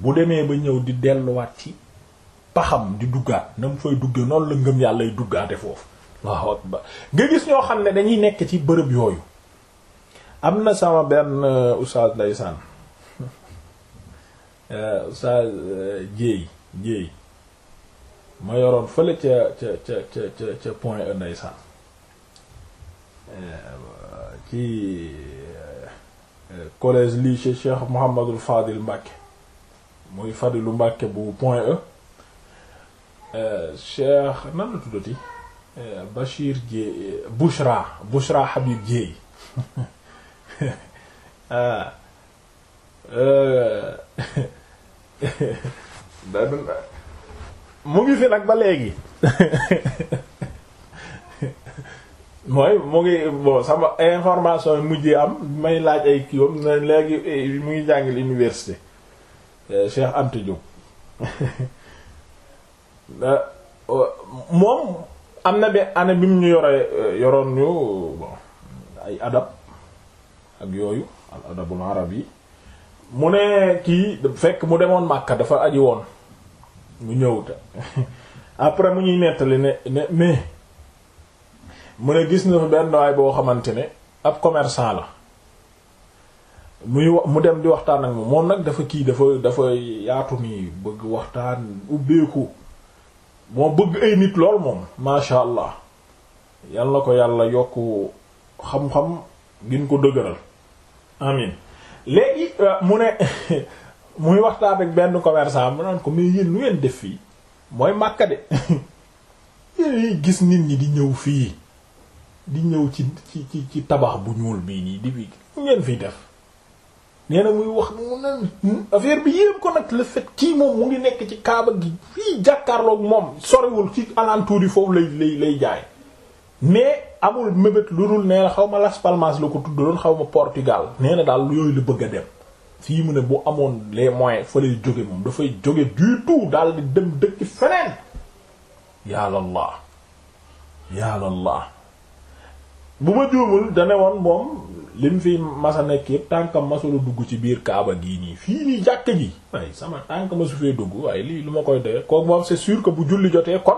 bu demee ba ñëw di delluwaat ci paxam di duggaat na mu fay dugge noonu la ngëm yàlla lay duggaate foofu waaw akbar nga gis ñoo xam ne dañuy nekk ci bërëb yooyu am na sama benn euh, oustaz ndeysaan euh, oustaz jéey euh, jéey point e ci euh, euh, collège lycée Cheikh Mouhamadul Fadil Mbàkke muy Fadilu Mbàkke bu Point E euh, Cheikh nan la tuddati Bachir Dieye Bouchra Habib Dieye ah, mu ngi fi nag ba léegi mooy mu ngi bon sama information mujjee am may laaj ay kiiwam ne léegi eh, mu ngi jàngil université eh, Cheikh Anta Diop eh, moom am na be année bi mu ñu yore yoroon ñu ay adab ak yooyu al adabul arab yi mu ne kii fekk mu demoon Makka dafa aji woon mu ñëw après mu ñuy nettali ne ne mais mu ne gis na fi benn waay boo xamante ne ab commerçant la muy mu dem di waxtaan ak moom moom nag dafa kii dafa dafa yaatu ni bëgg waxtaan ubbeeku moo bëgg ay nit lool moom masha allah yal na ko yàlla yokk xam-xam gin ko dëgëral amin léegi euh, mu ne muy waxtaan ak benn commerçant mu naan ko mais yéen lu ngeen def fii mooy Makka de yéen gis nit ñi di ñëw fii di ñëw ci ci ci tabax bu ñuul bii nii di bi ngeen fiy def nee na muy wax mu ne hmm, affaire bi yépp ko nag la fait kii moom mu ngi nekk ci kaaba gi fii jàkkaarloog moom soriwul ci alentour yi foofu lay lay lay jaay mais amul mébét lu dul nee na xaw ma Las Palmas la ko tudd doon xaw ma Portugal nee na daal yooyu la bëgg a dem fii mu ne bu amoon les moyens fa lay jóge moom dafay jóge du tout daal di dem dëkk feneen yàlla allah yàlla allah bu ma juumul da ne woon moom lim fi masa nekk yëpp tànkam masula dugg ci biir kaaba gii nii fii nii jàkk ji waaye sama tànk masu fee dugg waaye lii lu ma koy doyee kooku moom c'est sûr que bu julli jotee kon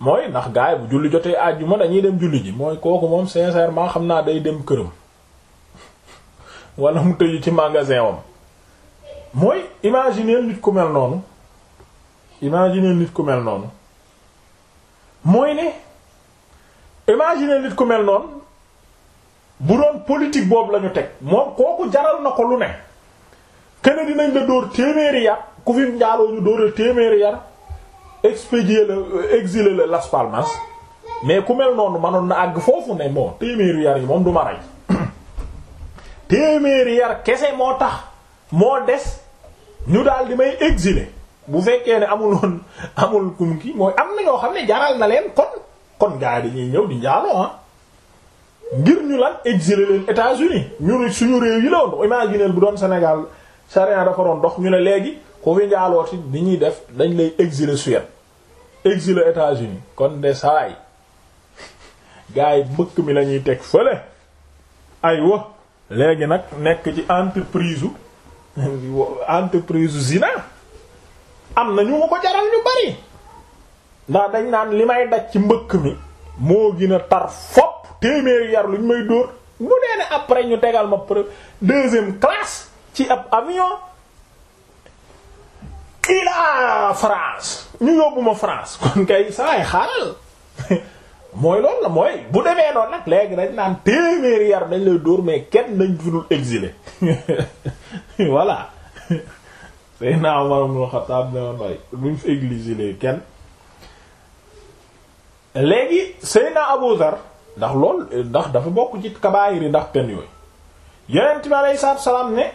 mooy ndax gars yi bu julli jotee àjjuma dañuy dem julli ji mooy kooku moom sincèrement xam naa day dem këram wala mu tëju ci magasin wam mooy imaginer nit ku mel noonu imaginer nit ku mel noonu mooy ne imagine nit ku mel noonu bu doon politique boobu lañu teg moom kooku jaral na ko lu ne keneen dinañ la dóor téeméeri yar ku fi njaaloo ñu dóoral téeméeri yar expédier la exiler la Las mais ku mel noonu manoon na àgg foofu ne moo téeméeri yar yi moom du ma rey téeméeri yar kese moo tax moo des ñu daal di may exiler bu fekkee ne amul woon amul kum ki mooy am na ñoo xam ne jaral na leen kon kon gars yi dañuy ñëw di njaaloo ah. ngir ñu la exile leen États-Unis ñu suñu réew yi la woon imaginer bu doon senegal charia dafa doon dox ñu ne léegi ko fi njaalooti ni ñuy def dañ lay exiler Suède exile États-Unis kon de saay gars yi mbëkk mi la ñuy teg fële aywa léegi nag nekk ci entreprise entreprise zina am na ñu ma ko jaral ñu bari ndax dañ naan li may daj ci mbëkk mi moo gën a tar fopp téeméeri yar luñ may dóor mu nee après ñu degal ma pre deuxième classe ci ab avion ila France ñu yóbbu France kon kay saay xaaral mooy loolu la mooy bu demee noonu nag léegi dañ naan téeméeri yar dañ lay dóor mais kenn dañ fi dul exilé voilà Seydina Umar ibn Khattab ne woon waay buñ fi exilé kenn léegi Seyna Abu Dhar ndax lool ndax dafa bokk ci kabaayir yi ndax pen yooyu yonent bi aleyhi salaam ne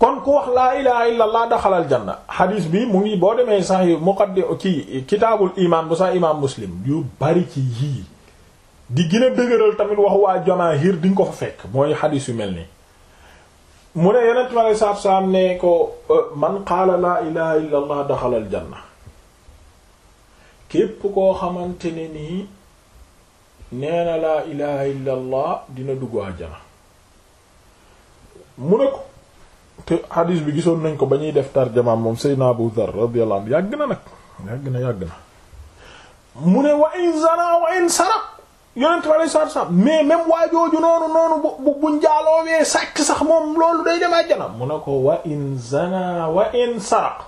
kon ku wax laa ilaha illa allah daxalal janna xadiis bi mu ngi boo demee sax muqaddim ci kitaabul imaan bu sax imaam muslim yu bari ci yii di gën a tamit wax waa jamaahir di nga ko fa fekk mooy xadiis yu mel nii mu ne yonent bi aleyhi salaatu salaam ne ko man qaala laa ilaha illa allah daxalal janna képp koo xamante ne nii nee na laa ilaha illa allah dina dugg àjjana mu ne ko te hadis bi gisoon nañ ko ba ñuy def tarjamaam moom Seydina Abu Dhar radiyallahu anhu yàgg na nag yàgg na yàgg na mu ne wa in zana wa in saraq yonent bi alei satu salam mais même waajooju noonu noonu bu bu njaaloowee sàcc sax moom loolu day dem àjjana mu ne ko wa in zana wa in saraq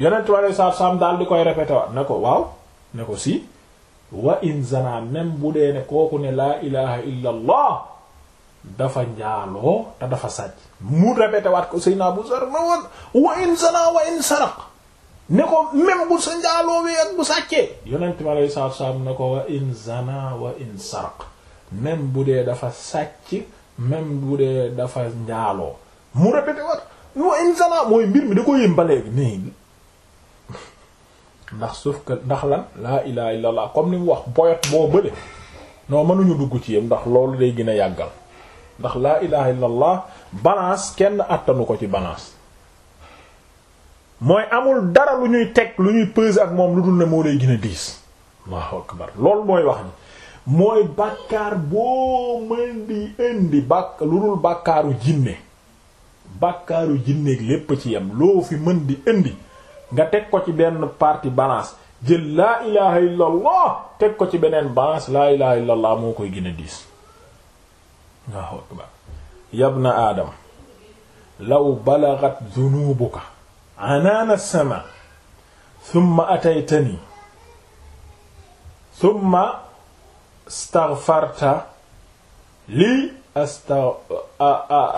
yonent bi alei satu salam daal di koy répété waat ne ko waaw ne ko si wa in zana même bu dee ne kooku ne laa ilaha illa dafa njaaloo te dafa sàcc mu répété waat ko sëy bu sar na ne ko même bu sa njaaloo wi ak bu sàccee yonent mi aleyi salatu salaam ne ko wa in zana wa in saraq même bu dee dafa sàcc même bu dee dafa njaaloo mu répété waat wa in zana mooy mbir mi da ko yëm ba léegi nii ndax suuf que ndax lan laa ilaha illallah comme ni mu wax boyot boobu bële non mënuñu dugg ci yem ndax loolu day gën a yàggal ndax laa ilaha illallah balance kenn attanu ko ci balance mooy amul dara lu ñuy teg lu ñuy peser ak moom lu dul ne moo lay gën a diis allahu loolu mooy wax ni mooy bàkkaar boo mën di indi bàkk lu dul bàkkaaru jinne bàkkaaru jinneeg lépp ci yem loo fi mën di indi nga teg ko ci benn partie balance jël laa ilaha illallah teg ko ci beneen balance laa ilaha illallah moo koy gën a diis waaw akbar yabna aadam law balagat zunubuka anaana sama thumma ataytani thumma staghfarta lii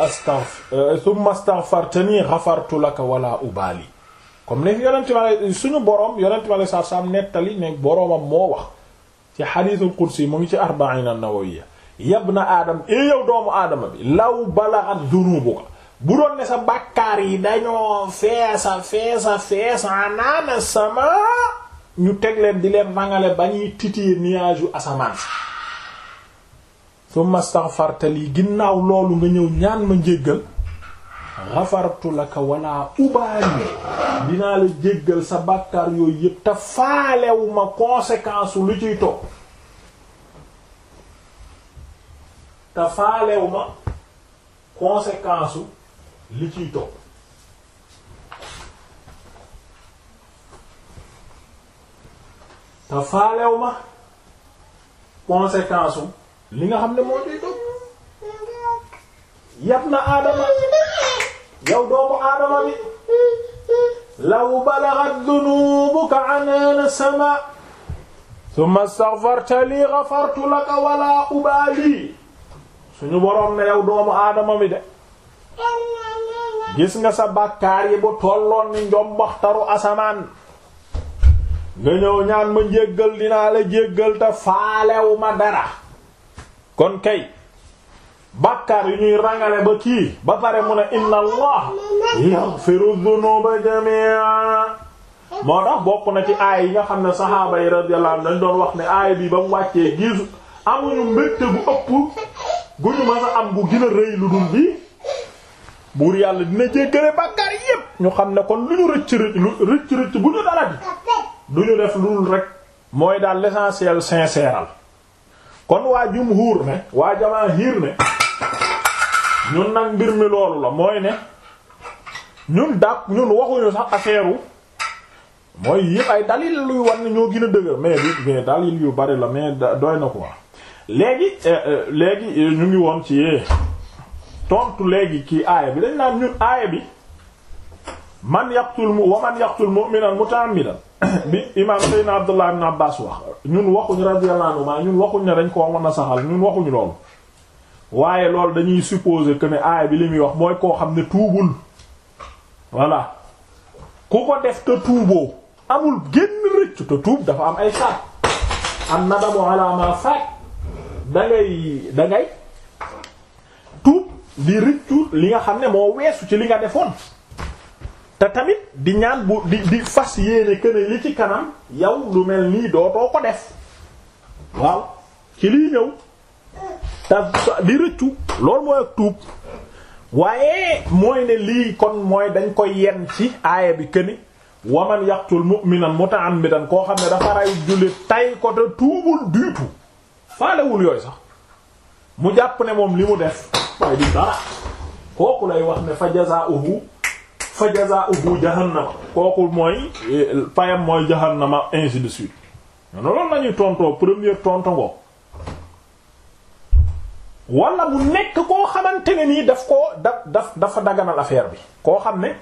astaghfir thumma staghfartani ghafartu laka wala ubali kon ne yonent ma suñu borom yonent ma saa saam nettali ne boromam moo wax ci xadiisul yi mu ngi ci a an-nawawiyya yabna aadam ee yow doomu aadama bi law balaghat dunuubuka bu doon ne sa bàkkaar yi dañoo feesa feesa feesa a sama ñu teg leen di leen rangale ba ñuy titiyee nuage asamaan summa astaghfarta lii ginnaaw loolu nga ñëw ñaan ma njéggal xafartu laka walaa ubaali dinaa la jéggal sa bàkkaar yooyu yëpp te faalewu conséquence lu ciy topp te faalewu ma conséquence li ciy topp te ma conséquence li nga xam ne moo ciy topp yab na aadama yow doomu aadama bi law balaghat dhunubuka anaana sama thumma astaghfarta li ghafartu laka wala ubali suñu boroom ne yow doomu aadama bi de gis nga sa bàkkaar yi bu tolloon ni njomboxtaru asamaan nga ñëw ñaan ma jéggal dinaa la jéggal te dara kon kay bàkkaar yu ñuy rangale ba kii ba pare mu ne inna allah yaghfiru dhunuba jami'a moo tax bokk na ci aay yi nga xam ne saxaaba yi radiyallahu anhum dañ doon wax ne aay bii ba mu wàccee gisu amuñu mbégte bu ëpp gu ñu mën a am gu gën rëy lu dul bi buur yàlla dina jéggale bàkkaar yépp ñu xam ne kon lu ñu rëcc rëcc bu ñu dala bi du ñu def lu dul rek mooy daal l'essentiel sincère al kon waa jumhuur ne waa jamaahiir ne ñun nag mbir mi loolu la mooy ne ñun dàq ñun waxuñu sax affaire mooy yëpp ay dalil luy war ne ñoo gën a dëgër mais bi mais dalil yu bari la mais doy na quoi léegi euh, euh, léegi euh, ñu ngi woon ci tontu léegi kii aaya bi dañ naan ñun aaya bi man yaqtul mu wa man yaqtul mu'minan muta'ammidan bi imaam Seydina Abdullah ibn Abbas wax ñun waxuñu radiyallahu anhu ñun waxuñ ne dañ ko mën a saxal ñun waxuñu loolu waaye loolu dañuy suppose que aay bi li muy wax mooy koo xam ne tuubul voilà ku ko def te tuuboo amul génn rëccu te tuub dafa am ay saat am na ala ma faat da ngay da tuub di rëccu li nga xam ne moo weesu ci li nga defoon te tamit di ñaan bu di di fas yéene que ne li ci kanam yow lu mel nii doo dootoo ko def waaw ci liy ñëw te di rëccu loolu mooy ak tuub waaye mooy ne lii kon mooy dañ koy yenn ci aaya bi këni waman yaqtul mu'minan muta'ammidan koo xam ne dafa tay ko te tuubul du tout sax mu jàpp ne moom li mu def kooku lay wax ne fa jazaa'uhu fa jazaa'uhu jahannama kooku mooy eh, payam mooy jahannama ainsi de suite noonu loolu tontoo première tontongo wala mu nekk koo xamante ne nii daf koo da daf dafa daganal affaire bi koo xam ne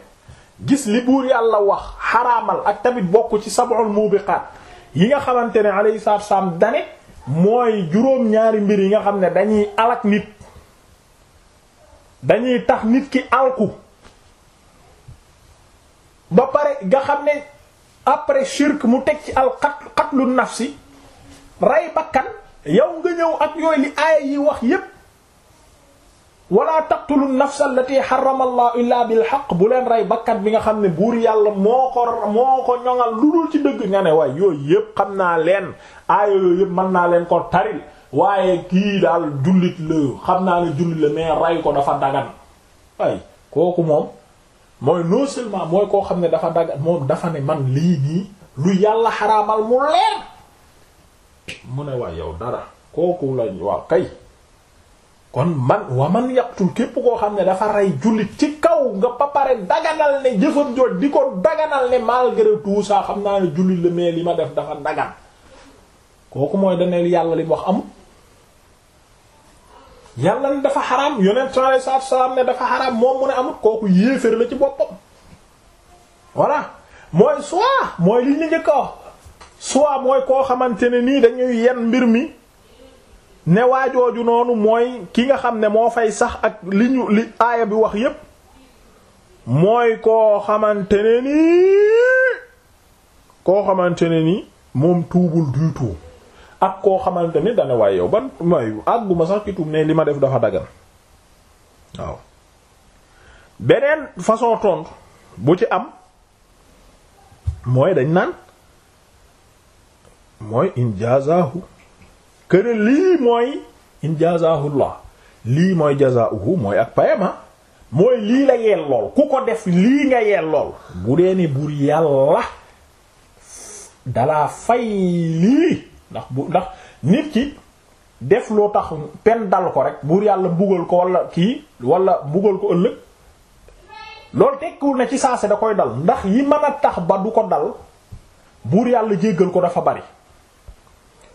gis li buur yàlla wax xaraamal ak tamit bokk ci sab'ul mubiqaat yi nga xamante ne alayhi salaatu wassalaam dane mooy juróom ñaari mbir yi nga xam ne dañuy alak nit dañuy tax nit ki alku ba pare nga xam ne après shirk mu teg ci al qatlu nafsi rey bakkan yow nga ñëw ak yooyu li aaya yi wax yépp wala taqtulu nafsa allati harrama allahu illaa bil haqq bu leen rey bakkat bi nga xam ne buur yàlla moo ko moo ko ñoŋal lu dul ci dëgg nga ne waay yooyu yëpp xam naa leen aaya yooyu yëpp man naa leen ko taril waaye kii daal jullit la xam naa ne jullit la mais rey ko dafa dagan ay kooku moom mooy non seulement mooy koo xam ne dafa dagan moom dafa ne man lii nii lu yàlla xaraamal mu leer mu ne waay yow dara kooku lañ waaw kay kon man wa man yaqtul képp koo xam ne dafa rey jullit ci kaw nga ba pare daganal ne jëfam jooj di ko daganal ne malgré tout saa xam naa ne jullit la mais li ma def dafa dagan kooku mooy daneel yàlla li mu wax amul yàlla ne dafa xaraam yonent sallallahu alayhi wasallam ne dafa xaraam moom mu ne amul kooku yéeféer la ci boppam voilà mooy soit mooy li ñu njëkk wax soit mooy koo xamante ne nii dañuy yenn mbir mi ne waajooju noonu mooy ki nga xam ne moo fay sax ak li ñu li aaya bi wax yépp mooy koo xamante ne nii koo xamante ne nii moom tuubul du tuub ak koo xamante ni dane waaye yow ban mooy àgguma sax ci tuub ne li ma def dafa dagan waaw beneen façon tontu bu ci am mooy dañ naan mooy injazaahu këne lii mooy in jazaahullah lii mooy jazaahu mooy ak payama ah, mooy lii la yeel lool ku ko def lii nga yeel lool bu dee ne buur yàlla dalaa fay lii ndax bu ndax nit ci def loo tax pen dal ko rek buur yàlla mbugal ko wala kii wala mbugal ko ëllëg loolu tekkiwul na ci saase da koy dal ndax yi mën a tax ba du ko dal buur yàlla jéggal ko dafa bari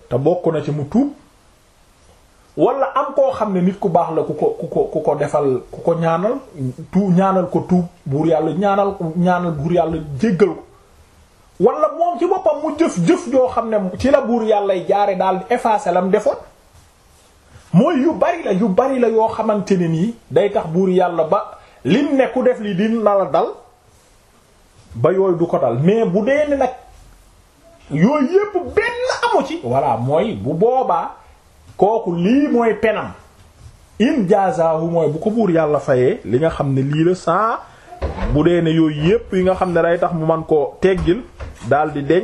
te bokk na ci mu tuub wala am koo xam ne nit ku baax la ku ko ku ko ku ko defal ku ko ñaanal tuub ñaanal ko tuub buur yàlla ñaanal ñaanal buur yàlla jéggal ko wala moom ci boppam mu jëf-jëf joo xam ne ci la buur yàllay jaare daal di effacer lam defoon mooy yu bari la yu bari la yoo xamante ne nii day tax buur yàlla ba lim nekku def li dina la dal ba yooyu du ko dal mais bu dee ne nag yooyu yépp benn amu ci voilà mooy bu boobaa kooku lii mooy penam in jazaahu mooy bu ko buur yàlla fayee li nga xam ne lii la saa bu dee ne yooyu yépp yi nga xam ne day tax mu man koo teggil daal di deñ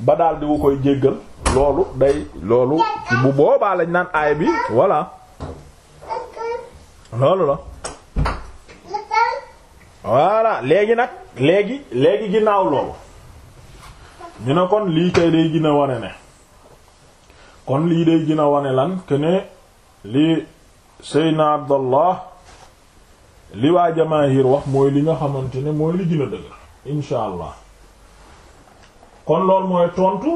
ba daal di wu koy jéggal loolu day loolu bu boobaa lañ naan aay bi voilà loolu la voilà léegi nag léegi léegi ginnaaw loolu ñu ne kon lii kay day gën a wane ne kon lii day gën wone wane lan que ne li Seydina Abdallah li waa jamaahir wax mooy li nga xamante ne mooy li gën dëgg insha kon loolu mooy tontu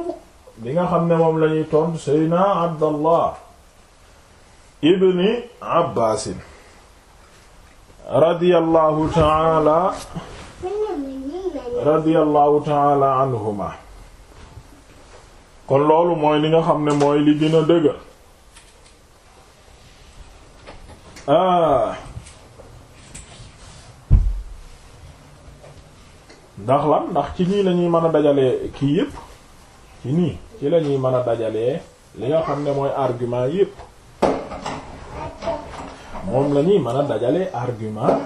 bi nga xam ne moom lañuy ñuy tontu na Abdallah ibni Abbaasin radiyallahu taala radiyallahu taala anhuma kon loolu mooy li nga xam ne mooy li gën a dëgër ah ndax lan ndax ci nii lañuy mën a dajalee kii yépp ci nii ci lañuy mën a dajale li nga xam ne mooy argument yépp moom lañuy mën a dajale argument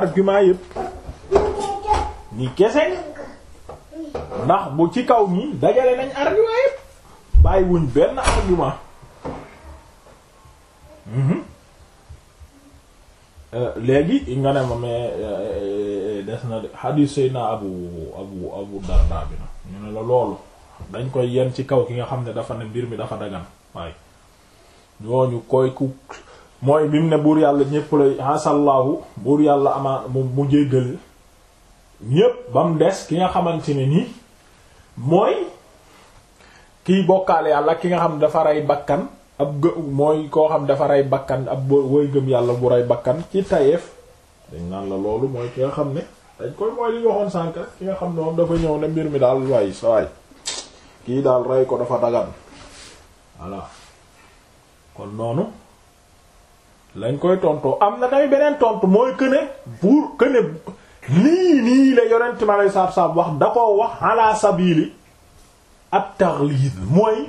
argument yépp ni kese ndax bu ci kaw nii dajale nañ argument yépp bàyyi wuñ benn argument mhm. euh, léegi nga ne ma mais euh, des na hadith naa Abu Abu Abu Darda bi na ñu ne la loolu dañ koy yenn ci kaw ki nga xam ne dafa ne mbir mi dafa dagan waaye ñooñu koy ku mooy bi mu ne buur yàlla ñépp lay asallahu buur yàlla amaa mu jéggal ñépp ba mu des ki nga xamante ne nii mooy kiy bokkaale yàlla ki nga xam dafa rey bakkan ab gë mooy koo xam dafa rey bakkan ab woy gëm yàlla bu rey bakkan ci tayeef dañ naan la loolu mooy ki nga xam ne dañ koy mooy li ñu waxoon sànk ki nga xam ne moom dafa ñëw ne mbir mi daal waay sa kii daal rey ko dafa dagan voilà kon noonu lañ koy tontoo am na tamit beneen tontu mooy këne buur këne nii nii la yonent mi aleyhi salaatu salaam wax da koo wax ala sabili at taghliid mooy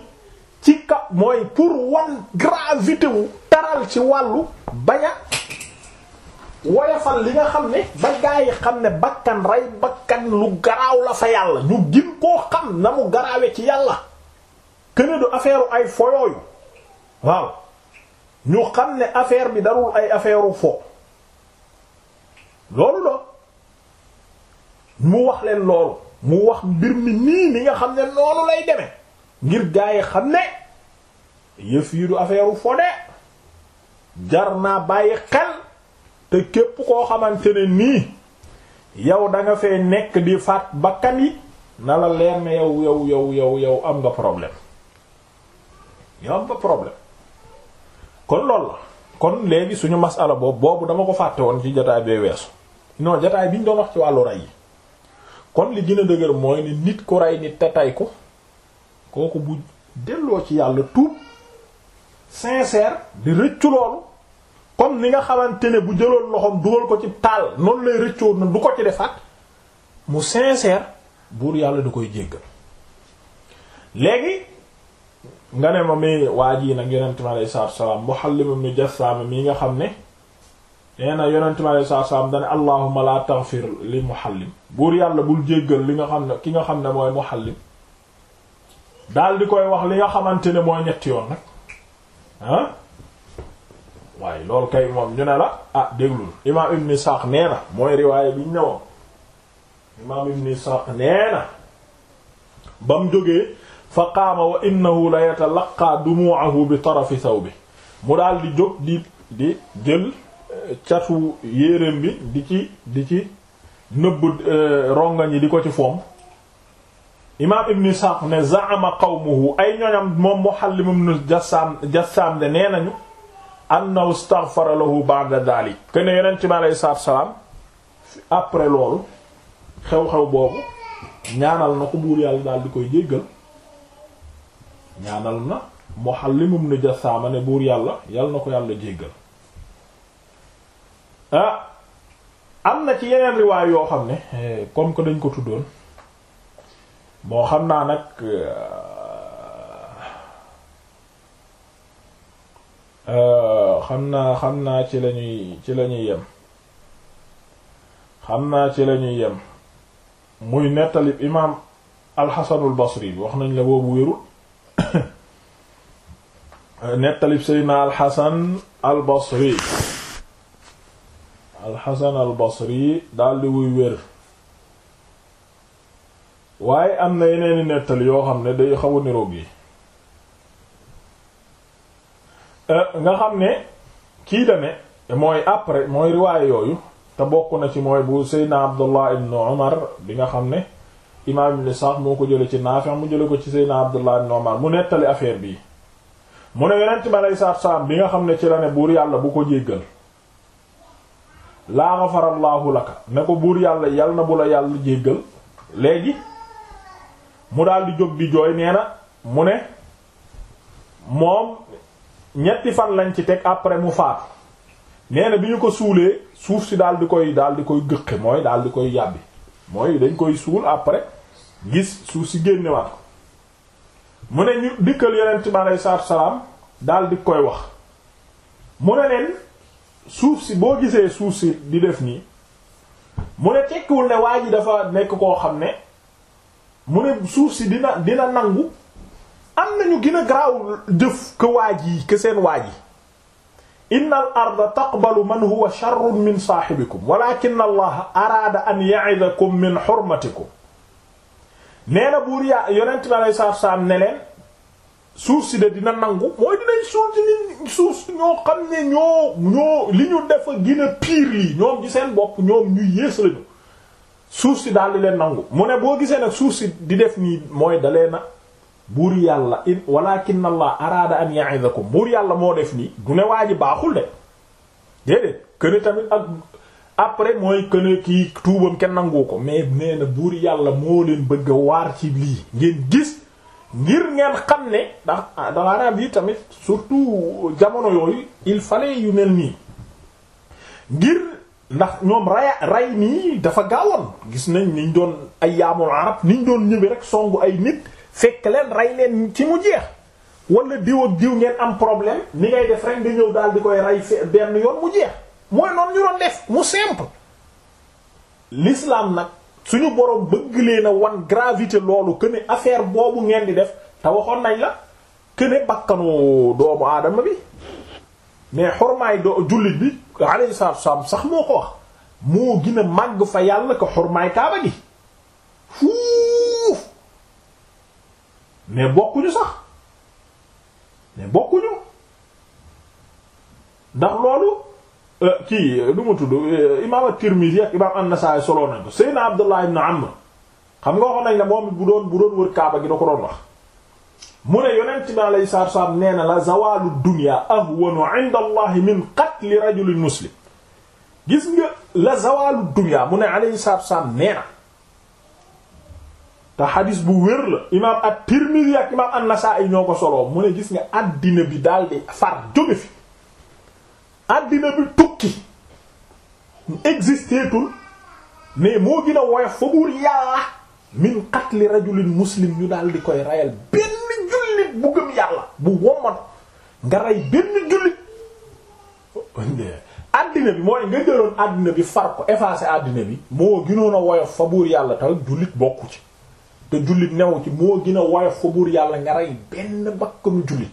ci ka mooy pour wan gravité taral ci wàllu bañ a woyofal li nga xam ne ba gaa yi xam ne bakkan rey bakkan lu garaaw la fa yàlla ñu gin koo xam na mu garaawe ci yàlla këne du affaire ay foyooyu waaw ñu xam ne affaire bi darul ay affaire fo loolu do mu wax leen loolu mu wax mbir mi nii ni nga xam ne noonu lay demee ngir gaay xam ne yëf yi du affaire fode jar naa bàyyi xel te képp koo xamante ne nii yow danga nga fee nekk di faat bakkan yi na la leer ne yow yow yow yow am nga problème yow am nga problème kon loolu la kon léegi suñu masala boobu boobu dama ko fàtte woon ci jotaay bee weesu non jotaay ñu doon wax ci wàllu rey yi kon li gën a dëgër mooy ni nit ku rey nit te tay kooku bu delloo ci yàlla tuub sincère di rëccu loolu comme ni nga xamante ne bu jëloon loxoom dugal ko ci taal noonu lay rëccoon na du ko ci defaat mu sincère buur yàlla du koy jéggal léegi nga ne ma mi waa ji nag yonent mi alayhi salaatu wa salaam Muhallim ibn Jassaam mi nga xam ne nee na yonente mi alei satu salaam dane allahuma la taghfir li muhallim buur yàlla bul jéggal li nga xam ne ki nga xam ne mooy muhallim daal di koy wax li nga xamante ne mooy ñetti yoon nag ah waaye loolu kay moom ñu ne la ah déglul imaam ibn Isaaq nee na mooy riwaaye bi ñu ne woon imaam ibn Isaaq nee na jógee fa qaama wa innahu la yatalaqaa dumu'ahu bi tarafi thawbi mu daal di jóg di di jël catu yéreem bi di ci di ci nëbb euh, rongañ yi di ko ci fomp imaam ibn Isaaq ne zaama qawmuhu ay ñoñam moom Muhallim ibn Jassaam Jassaam de nee nañu annahu istaghfara lahu ba'da dhalik ken Yonent bi alayhi salaatu salaam après loolu xew-xew boobu ñaanal na ko buur yàlla daal di koy jéggal ñaanal na Muhallim ibn Jassaam ne buur yàlla yàlla na ko yàlla jéggal Ah, am na ci yeneen riwaay yoo xam ne eh, comme que dañ ko tuddoon moo xam naa nag eh, eh, xam naa xam naa ci lañuy ci la ñuy yem xam naa ci la ñuy yem muy nettalib imaam alxasanul basri bi wax nañ la boobu wérul nettalib seydna alxasan al alxasan al basri daldi wuy wér waaye am na yeneeni nettali yoo xam ne day xaw a niroog yi eh, nga xam ne kii da ne mooy après mooy riwaaye yooyu te bokk na ci mooy bu seydna abdullah ibnu umar bi nga xam ne imaam ibn Isaaq moo ko jële ci Naafi mu jële ko ci seydna abdullah ibnu umar mu nettali affaire bii mu ne yonent bi aleyhi salaatu wa bi nga xam ne ci la ne buur yàlla bu ko jéggal laa xafarallaahu laka ne ko buur yàlla yàlla na bu la yàlla jéggal léegi mu daldi jóg di jooy nee na mu ne moom ñetti fan lañ ci teg après mu faatu nee na bi ñu ko suulee suuf si daal di koy daal di koy gëqe mooy daal di koy yàbbi mooy dañ koy suul après gis suuf si génnewaat mu ne ñu dikkal yonent bi salaam daal koy wax mu ne leen suuf si boo gisee suuf si di def nii mu ne tekkiwul ne waa ji dafa nekk koo xam ne mu ne suuf si dina dina nangu am nañu gën a garaaw jëf que waa ji que seen waa ji inna al arda taqbalu man huwa sharrun min saahibikum walakin allah araada an ya'idakum min hurmatikum nee na buur yaa yonent bi alei saatu salaam ne leen suuf si de dina nangu mooy dinañ suuf si suuf ñoo xam ne ñoo ñoo li ñu def gën a pire lii ñoom ci seen bopp ñoom ñu yées lañu suuf si daal di leen nangu mu ne boo gisee nag suuf si di def nii mooy dalee na buur yàlla in walakin allah araada an ko buur yàlla moo def nii du ne waa baaxul de déedéet këne tamit ak après mooy këne ki tuubam kenn nangu ko mais nee na buur yàlla moo leen bëgg a waar ci lii ngeen gis ngir ngeen xam ne ndax ah, dans l'Arabie yi tamit surtout jamono yooyu il fallait yu mel nii ngir ndax ñoom raya ray nii dafa gaawoon gis nañ niñ doon ay yaamul arab niñ doon ñëwee rek songu ay nit fekk leen ray leen ci mu jeex wala diw ak diw ngeen am problème ni ngay def rek di ñëw daal di koy rey fe benn yoon mu jeex mooy noonu ñu doon def mu simple l'islam nag suñu borom bëgg leen a wan gravité loolu que ne affaire boobu ngeen di def te waxoon nañ la que ne bakkanu doomu aadama bi mais xormaay do jullit bi alayhi salaatu sax moo ko wax moo gën a màgg fa yàlla ko xormaay kaaba gi fuuf mais bokkuñu sax mais bokkuñu ndax loolu. Euh, kii du euh, ma tudd euh, imaam at-Tirmidhi ak imaam an-Nasa'i soloo nañ ko Seydina Abdullah ibn Amr xam nga waxoon nañ la moom bu doon bu doon wër Kaaba gi da ko doon wax mu ne yonent bi alayhi salaatu wassalaam nee na la zawaalu dunya ahwanu inda allahi min qatli rajulin muslim gis nga la zawaalu dunya mu ne alayhi salaatu wassalaam nee bu wér la imaam at-Tirmidhi ak imaam an-Nasa'i ñoo ko soloo mu ne gis nga àddina bi daal di far jóge àddina bi tukki existeetul mais moo gën a woyof fa buur yàlla min qatli rajulin muslim ñu daal di koy reyal benn jullit bu gëm yàlla bu wommat nga rey benn jullit àddina bi mooy nga jëloon àddina bi far ko effacer àddina bi moo gënoon a woyof fa buur yàlla tal jullit bokku ci te jullit newu ci moo gën a woyof fa buur yàlla nga rey benn bakkanu jullit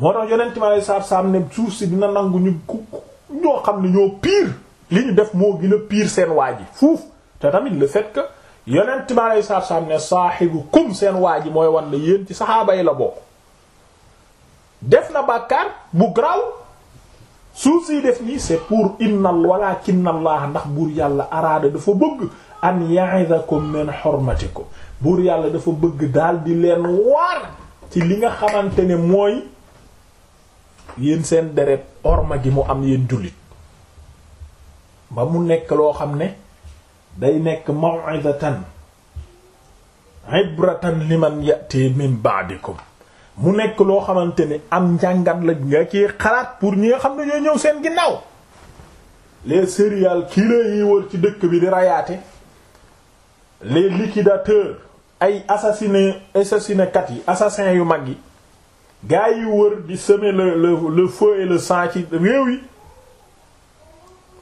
moo tax yonent mi alei saatu salaam ne suuf si dina nangu ñu ku ñoo xam ne ñoo pire li ñu def moo gën piir pire seen waa ji fuuf te tamit le fait que yonent mi alei saatu salaam ne saahibukum seen waa ji mooy wan ne yéen ci saxaaba yi la bokk def na bàkkaar bu graw suuf siy def nii c'est pour innal walakinna allah ndax buur yàlla araada dafa bëgg an ya'idakum min hurmatikum buur yàlla dafa bëgg daal di leen waar ci li nga xamante ne mooy yéen seen deret orma gi mu am yéen jullit ba mu nekk loo xam ne day nekk maw'izatan ibratan liman ya'ti min ko mu nekk loo xamante ni am njàngat la nga ci xalaat pour ñi xam ne ñooy ñëw seen ginnaaw les serial killers yi wër ci dëkk bi di rayaate les liquidateurs ay assassinés assassinés yi asasin yu mag yi gaa yi wër di semer le le le feu et sang ci réew yi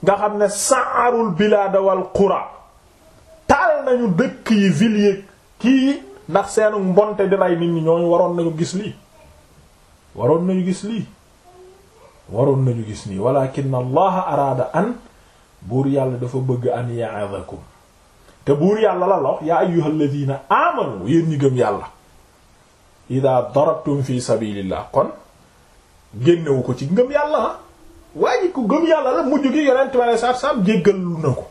nga xam ne saarul bilaada wal qura taal nañu dëkk yi ville yi kii ndax seenu mbonte di lay nit ñi ñooñu waroon nañu gis lii waroon nañu gis lii waroon nañu gis nii walakin allah araada an buur yàlla dafa bëgg an ya'azakum te buur yàlla la lox yaa ayyuhalladhina amanu yéen ñi gëm yàlla ida darabtum fi sabilillah kon génnewu ko ci ngëm yàlla na ah. waa ji ku ngëm yàlla la mujj gi yonent mi alei satu salaam jéggalu na ko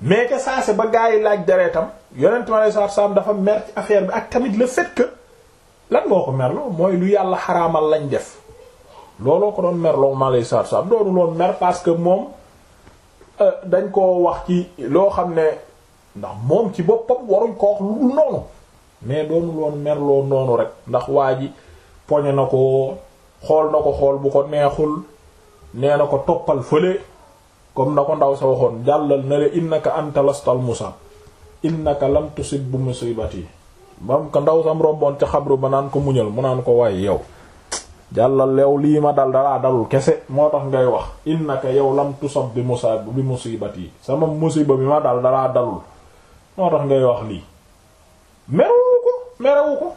mais ca saase ba gaa yi laaj deretam yonent mi alei satu dafa mer ci affaire bi ak tamit la fait que lan moo ko merloo mooy lu yàlla xaraamal lañ def looloo ko doon mer loo ma alei satu salaam doonu loon mer parce que moom euh, dañ koo wax ci loo xam ne ndax moom ci boppam waruñ ko wax lu dul noonu mais doonul woon merloo noonu rek ndax waa ji poñe na ko xool na ko xool bu ko neexul nee na ko toppal fële comme na ko ndaw sa waxoon jàllal na le innaka anta lastal musab innaka lam tusib bu musibati bam ko ndaw sam romboon ca xabru ba naan ko muñal mu naan ko waaye yow jàllal yow lii ma dal dalaa dalul kese moo tax ngay wax innaka yow lam tusab bi musa bi yi sama musiba bi ma dal dalaa dalul moo tax ngay wax lii merul merewu ko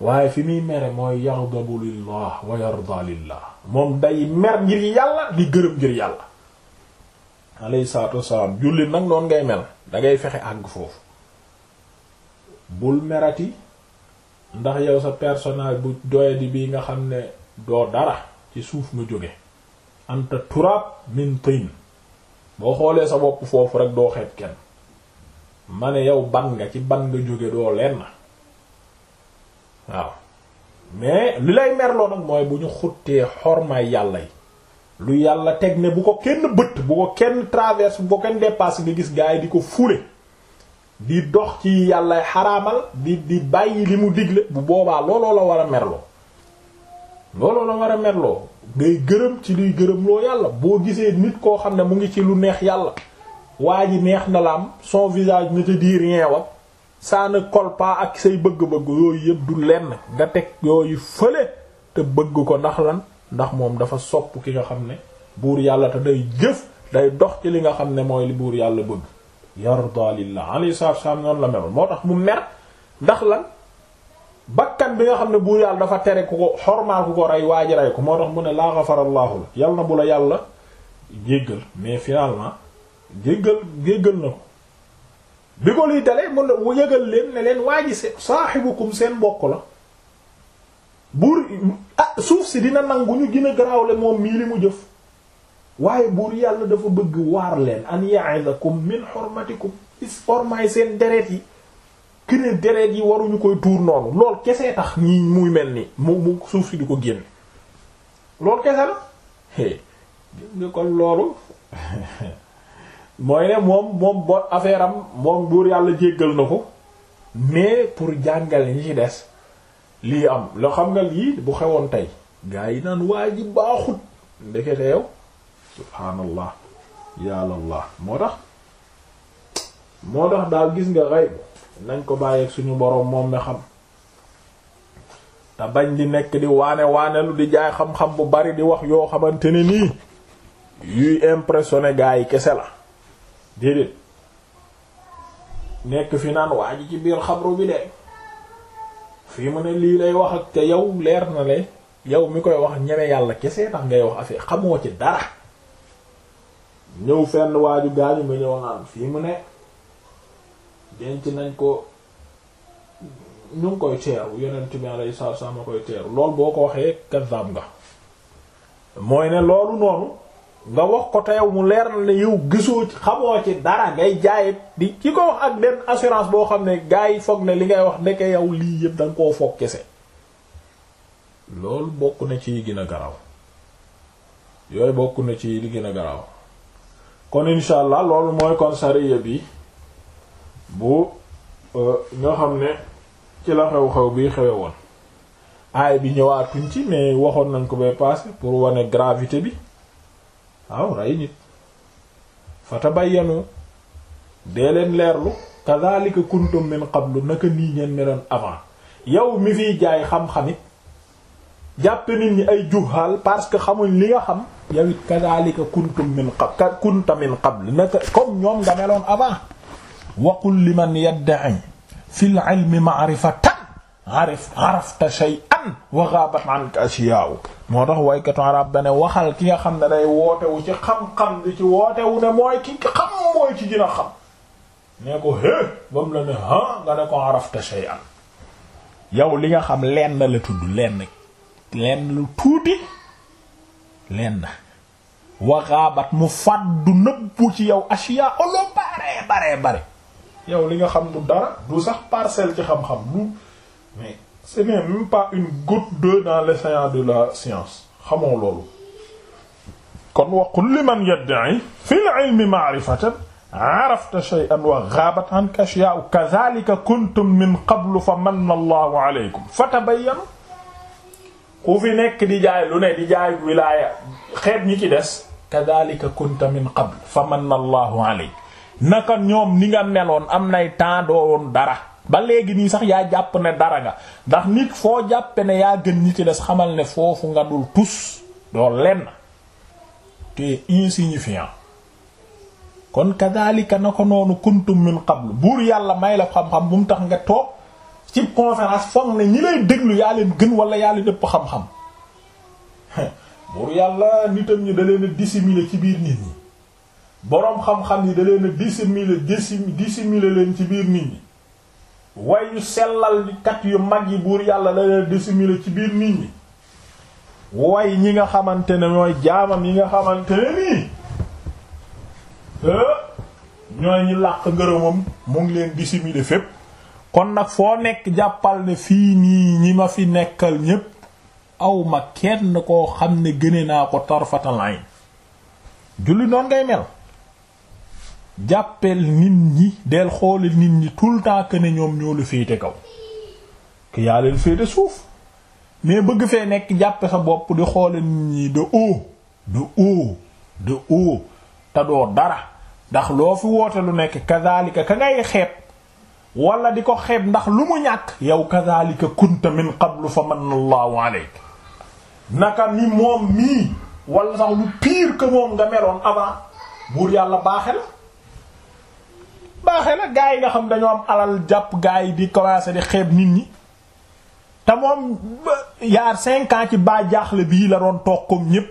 waaye fi muy mere mooy yardabu lillah wa yarda lillah moom day mer ngir yàlla di gërëm ngir yàlla alayhi salaatu wassalaam jullit nag noonu ngay mel dangay fexe àgg foofu bul merati ndax yow sa personnage bu doyadi bi nga xam ne doo dara ci suuf mu jóge anta turab min tin boo xoolee sa bopp foofu rek doo xeeb kenn ma ne yow ban nga ci ban nga jóge doo leen waaw mais li lay merloo nag mooy bu ñu xuttee xormaay yàlla yi lu yàlla teg ne bu ko kenn bët bu ko kenn traverse bu ko kenn dépasse nga gis gaa yi di ko fule di dox ci yàlla xaraamal di di bàyyi li mu digle bu boobaa looloo la war a merloo looloo la war a merloo ngay gërëm ci luy gërëm loo yàlla boo gisee nit koo xam ne mu ngi ci lu neex yàlla waa ji neex na la am son visage ne te dit rien wa ça ne colle ak say bëgg-bëgg yooyu yëpp du lenn nga teg yooyu fële te bëgg ko ndax lan ndax moom dafa sopp ki nga xam ne buur yàlla te day jëf day dox ci li nga xam ne mooy li buur yàlla bëgg yarda lillah alayhi salatu noonu la mel moo tax mu mer ndax lan bakkan bi nga xam ne buur yàlla dafa tere ku ko xormaal ku ko rey waa ji rey ko moo tax mu ne laa xafarallaahu la yàlla na bu la yàlla mais finalement jéggal jéggal na ko bi ko luy dalee mun na yëgal leen ne leen waa ji saaxibukum seen mbokk la buur ah suuf si dina nangu ñu gën garaaw garaawle moom mii li mu jëf waaye buur yàlla dafa bëgg waar leen an ya'izakum min hurmatikum is ormaay seen deret yi këne deret yi waruñu koy tuur noonu lool kese tax nii muy mel ni mu mu suuf si di ko génn lool kese la gis nga kon loolu mooy ne moom moom bo affaire am moom buur yàlla jéggal na ko mais pour jàngale ñi ci des lii am loo xam nga lii bu xewoon tey gaa yi naan waa ji baaxut ndekete yow subhaanallah yàllallah moo tax moo tax daal gis nga xay nañ ko bàyyeeg suñu boroom moom mi xam te bañ di nekk di waane waanelu di jaay xam-xam bu bari di wax yoo xamante ni nii yuy impressionné gaa yi kese la déedéet nekk fi naan waa ci biir xabru bi de fii mu ne lii lay wax ak te yow leer na le yow mi koy wax ñeme yàlla kese tax ngay wax affaire xamoo ci dara ñëw fenn waaju gaañu nga ñëw fii mu ne denc nañ ko ñu koy teeru yonent bi alayhi salaatu wa salaam koy teeru lool boo ko waxee kazzab nga mooy ne loolu noonu nga wax ko te yow mu leer na la yow gisoo ci xamoo ci dara ngay jaay di ki ko wax ak benn assurance boo xam ne gars yi foog ne li ngay wax ndeke yow lii yëpp danga koo foog kese loolu bokk na ci gën garaw yooyu bokk na ci li gën a garaaw kon incha allah loolu mooy kon sariya bi bu euh, nga xam ne ci la xew-xew bi xewe woon aay bi ñëwaatuñ ci mais waxoon nañ ko bay passé pour wane gravité bi waaw rey nit fatabayyanu dee leen leerlu kadhalika kuntum min qablu naka nii ngeen meloon avant yow mi fiy jaay xam-xamit jàppe nit ñi ay juhaal parce que xamuñ li nga xam yow it kadhalika kuntum min qabl kunta min qabl naka comme ñoom nga meloon avant waqul liman yadda'i fil ilmi ma'rifatan arif arafta shay'an wa ghabat 'anka ashya'u moo tax waykatu arab dane waxal ki nga xam ne day wootewu ci xam-xam di ci wootewu ne mooy ki xam mooy ci gën xam nee ko hé ba mu la ne ha nga ne ko arafta shay'an yow li nga xam lenn la tudd lenn lenn lu tuuti lenn waxaabat mu fàddu nëbbu ci yow asiya olo bare bare bare yow li nga xam du dara du sax parcelle ci xam-xam lu mais ce n'est même pas une goutte d'eau dans l'océan de la science xamoo loolu kon waqul liman yadda'i fil ilmi ma'rifatan arafta shay'an wa ghabat anka ashya'u kadhalika kuntum min qablu fa manna Allahu alaykum fatabayyanu ku fi nekk di jaay lu ne di jaay wilaaya xeet ñi ci des kadhalika kunta min qablu fa manna Allahu alayk naka ñoom ni nga meloon am nay temps doo woon dara ba léegi nii sax yaa jàpp ne dara nga ndax nit foo jàppe ne yaa gën ñi ci des xamal ne foofu nga dul tus doo lenn te insignifiant kon kadhalika na ko noonu kuntum min qabl buur yàlla may la xam-xam bu mu tax nga toog ci conférence foog ne ñi lay déglu yaa leen gën wala yaa leen ëpp xam-xam buur yàlla nitam ñi da leen a ci biir nit ñi boroom xam-xam yi da leen a dissimuler leen ci biir nit ñi wayu sellal kat yu mag yi buur yàlla la leen dissimulé ci biir nit ñi way ñi nga xamante ne ñooy jaamam yi nga xamante ne nii euh, ñooy ñi làq ngërëmam mu ngi leen dissimulé fépp kon nag foo nekk jàppal ne fii nii ñi ma fi nekkal ñépp aw ma kenn koo xam ne gëne naa ko tarfatal ayn julli noon ngay mel jàppeel nit ñi del xoole nit ñi tout le temps que ne ñoom ñoo la féete kaw que yaa leen féete suuf mais bëgg fee nekk jàppe sa bopp di xoole nit ñi de haut de haut de haut te doo dara ndax loo fi woote lu nekk kazaalika ka ngay xeeb wala di ko xeeb ndax lu mu ñàkk yow kazaalika kunta min qablu fa manna allahu alayk naka ni moom mii wala sax lu pire que moom nga meloon avant buur yàlla baaxe la baaxe la gaa yi nga xam dañoo am alal jàpp gaa yi di commencer di xeeb nit ñi te moom yaar cinq ans ci baa jaaxle bii la doon toog comme ñépp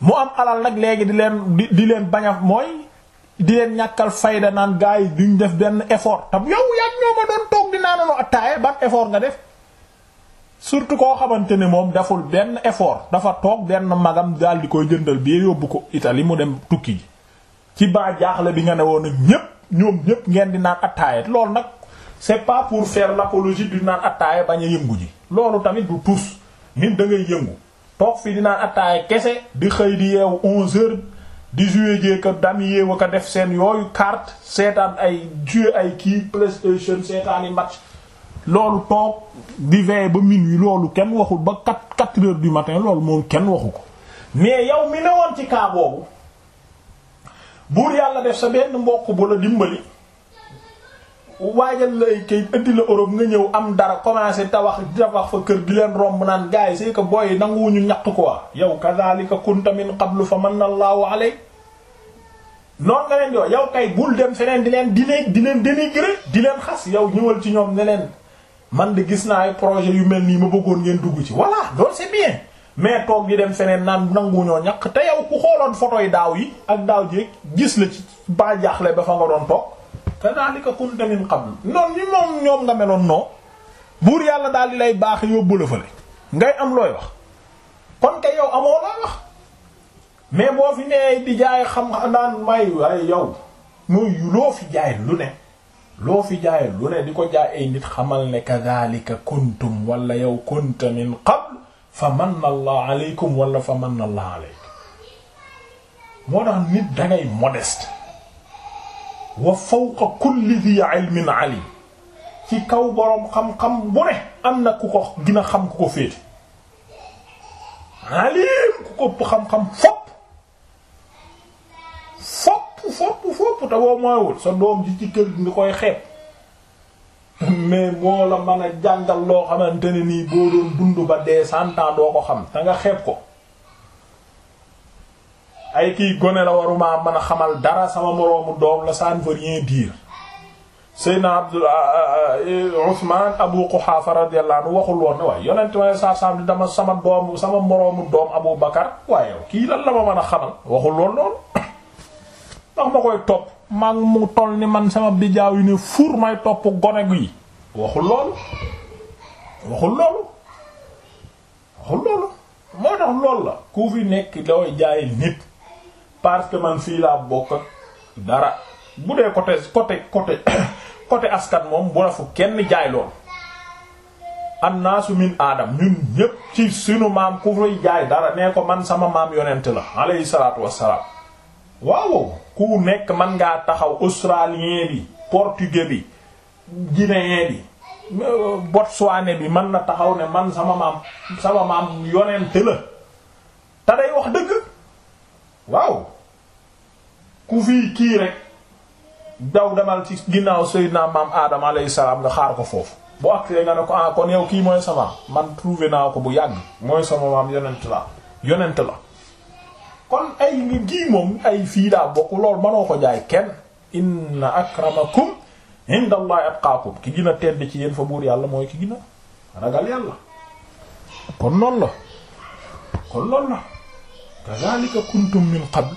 mu am alal nag léegi di leen di leen baña a mooy di leen ñàkkal fayda naan gaa yi duñ def benn effort tam yow yaa ñoo ma doon toog di naananoo attaaye ban effort nga def surtout koo xamante ne moom deful benn effort dafa toog benn magam daal di koy jëndal bi yóbbu ko Italie mu dem tukki ji ci baa jaaxle bi nga ne woon ak ñépp ñoom ñépp ngeen di naan attaaya loolu nag c'est pas pour faire l'apologie du naan attaaya bañ a yëngu ji loolu tamit du tus nit da ngay yëngu toog fii di naan attaaya kese di xëy di yeewu onze heures di jouer jéeg a dam yeewu ko def seen yooyu carte seetaan ay jouer ay kii PlayStation seetaan yi match loolu toog di veiller ba minuit loolu kenn waxul ba quatre quatre heures du matin loolu moom kenn waxu ko mais yow mi ne woon ci cas buur yàlla def sa benn mbokk bu la dimbali waajal lay kay indi la Europe nga ñëw am dara commencé tabax tabax fa kër di leen romb naan gars yi c'est que booy nanguwuñu ñaq quoi yow kadhalika kunta min qablu fa manna Allahu alay noonu nga leen di yow kay bul dem feneen di leen di leen di leen dénigrer di leen xas yow ñëwal ci ñoom ne man de gis naa ay projet yu mel nii ma bëggoon ngeen dugg ci voilà loolu c'est mais toog di dem feneen naan nanguñoo ñàkk te yow ku xooloon photo yi daaw yi ak daaw jéeg gis la ci ba jaaxle ba fa nga doon toog kadhalika kunta min qabl ñoom nga meloon noo buur yàlla daal di lay baax yóbbu la fële ngay am looy wax kon kay yow amoo looy wax fi jaay lu ne fi jaay lu di ko ay nit kuntum wala yow fa manna allah aleykum wala fa man allah aleykum moo nit dangay modeste wa fawqa kulli dhi ilmin alim ci kaw boroom xam-xam bu ne am na ku ko gën xam ku ko féete alim ku ko ëpp xam-xam fopp fopp fopp fopp te boo mooywul sa doom ji ci kër gi nga koy xeeb mais moo la mën a jàngal loo xamante ne nii boo doon dund ba dee cent ans doo ko xam te nga xeeb ko ay kii gone la waruma mën a xamal dara sama moroomu doom la ça ne veut rien dire Seydina Abdul ah, ah, ah, Usman Abu Quhafa radiyallahu anhu waxul woon ne waaye yonent ma saa saam di dama sama doom sama moroomu doom Abu Bakar waaye kii lan la ma mën a xamal waxul woon loolu ndax ma koy topp mag mu toll ni man sama bijaaw yi ne fur may topp gone gi waxul loolu waxul loolu waxul loolu moo tax loolu la ku fi nekk daway jaaye nit parce man fii laa bokk ak dara bu dee côté côté côté côté askan moom bu la fu kenn jaay lool annaasu min aadam ñun ñépp ci suñu maam ku fay jaay dara nee ko man sama maam yonent la alayhi salaatu waaw ku nekk man ngaa taxaw australien bi portugais bi guinéen bi euh, botswanais bi man na taxaw ne man sama maam sama maam yonente la te day wax dëgg waaw ku fii kii rek daw demal ci ginnaaw sayyidina maam aadama alayhi salaam nga xaar ko foofu boo aktee nga ne ko ah kon yow kii mooy sama man trouvé naa ko bu yàgg mooy sama maam yonent la yonent la kon ay gii moom ay fii daa bokk loolu mënoo ko jaay kenn inna akramakum inda allahi atqaakum ki gën a tedd ci yéen fa buur yàlla mooy ki gën a ragal yàlla kon loolu la kon loolu na kazalika kuntum min qabl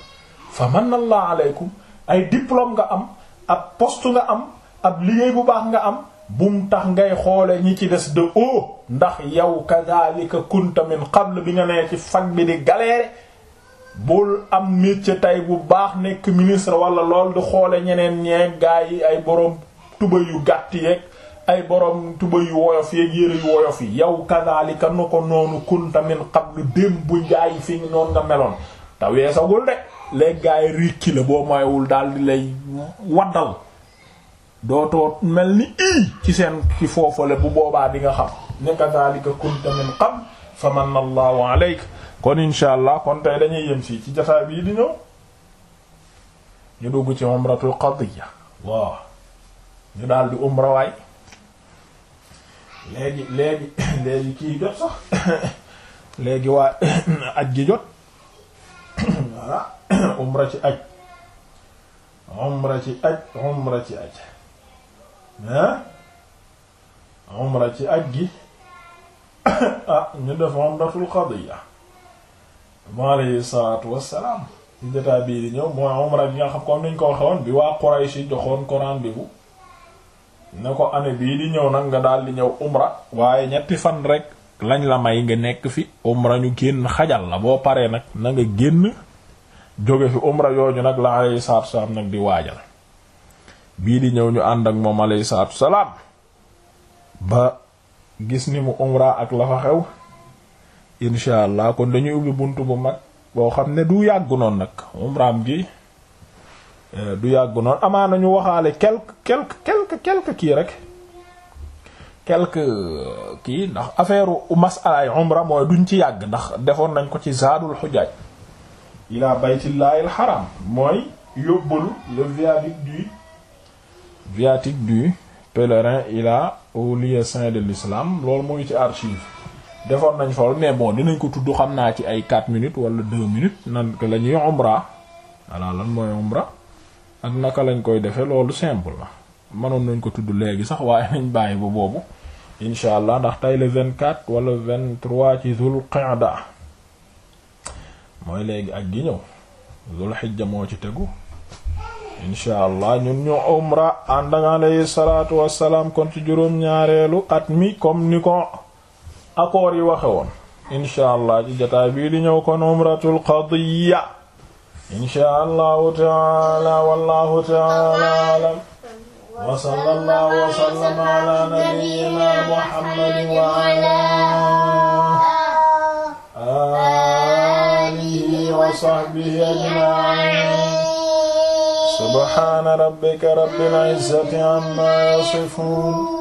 fa manna allah alaykum ay diplôme nga am ab poste nga am ab liggéey bu baax nga am bum tax ngay xoole ñi ci des de haut ndax yow kazalika kunta min qabl bi nga nee ci fag bi di galère bul am métier tey bu baax nekk ministre wala lool di xoole ñeneen ñee gaa yi ay boroom tuba yu gàtt yeeg ay boroom tuba yu woyof yeeg yére yu woyof yi yow kadhalika nu ko noonu kunta min lu démb bu gaa yi fi noonu nga meloon te weesagul de léegi gaa yi la boo moywul daal di lay waddal dootoo mel ni ii ci seen ci foofale bu boobaa di nga xam ne kadhalika kunta min qabl fa kon incha kon tey dañuy yem ci jotaay bii di ñëw ñu dugg ci umratul qadiya waaw ñu daal di umra waay léegi léegi léegi kii jot sax léegi waa aj gi jot voilà umra ci aj umra ci aj umra ci aj ah umra ci aj gi ah, ñu def umratul qadiya mu alayhi salaatu wassalaam ci bii di ñëw mooy umra bi nga xam comme niñ ko waxe bi waa Quraysh joxoon ko rendez-vous ne ko année bii di ñëw nag nga daal di ñëw umra waaye ñetti fan rek lañ la may nga nekk fi umra ñu génn xajal la boo paree nag na nga génn jóge fi umra yooyu nag la alayhi salaatu wassalaam nag di waajal bii di ñëw ñu ànd ak moom alayhi salaatu wassalaam ba gis ni mu umra ak la fa xew incha allah kon dañuy ubbi buntu bu mag boo xam ne du yàgg noonu nag umraam gi eh, du yàgg noonu amaana ñu waxaale quelque quelque quelque quelque kii rek quelque euh, kii ndax affaire masalaay umra mooy duñ ci yàgg ndax defoon nañ ko ci zaadul xujaaj ila baytillaahil xaram mooy yóbbalu le viatique du viatique du au lieu saint de l'islam lool mu ci archive defoon nañ fa mais boo dinañ ko tudd xam naa ci ay 4 minutes walla 2 minutes nan la ñuy umra voilà lan mooy umra ak naka lañ koy defee loolu simple la mënoon nañ ko tudd léegi sax waaye nañ bàyyi ba boobu incha allah ndax tey le 24 wala 23 ci Zul Qa'da mooy léegi ak gi ñëw Zul Hijja moo ci tegu incha allah ñun ñu umra ànd ak alayhi salaatu wassalaam kon ci juróom-ñaareelu at mi comme ni ko. accord yi waxe woon insha allah ci jotaay bii di ñëw kon umratul qadiya insha allahu taala wallahu taala alam wa sallallahu wa sallama ala nabiyyina muhammadin wa ala alihi wa sahbihi ajma'in subhana rabbika rabbil izzati amma yasifun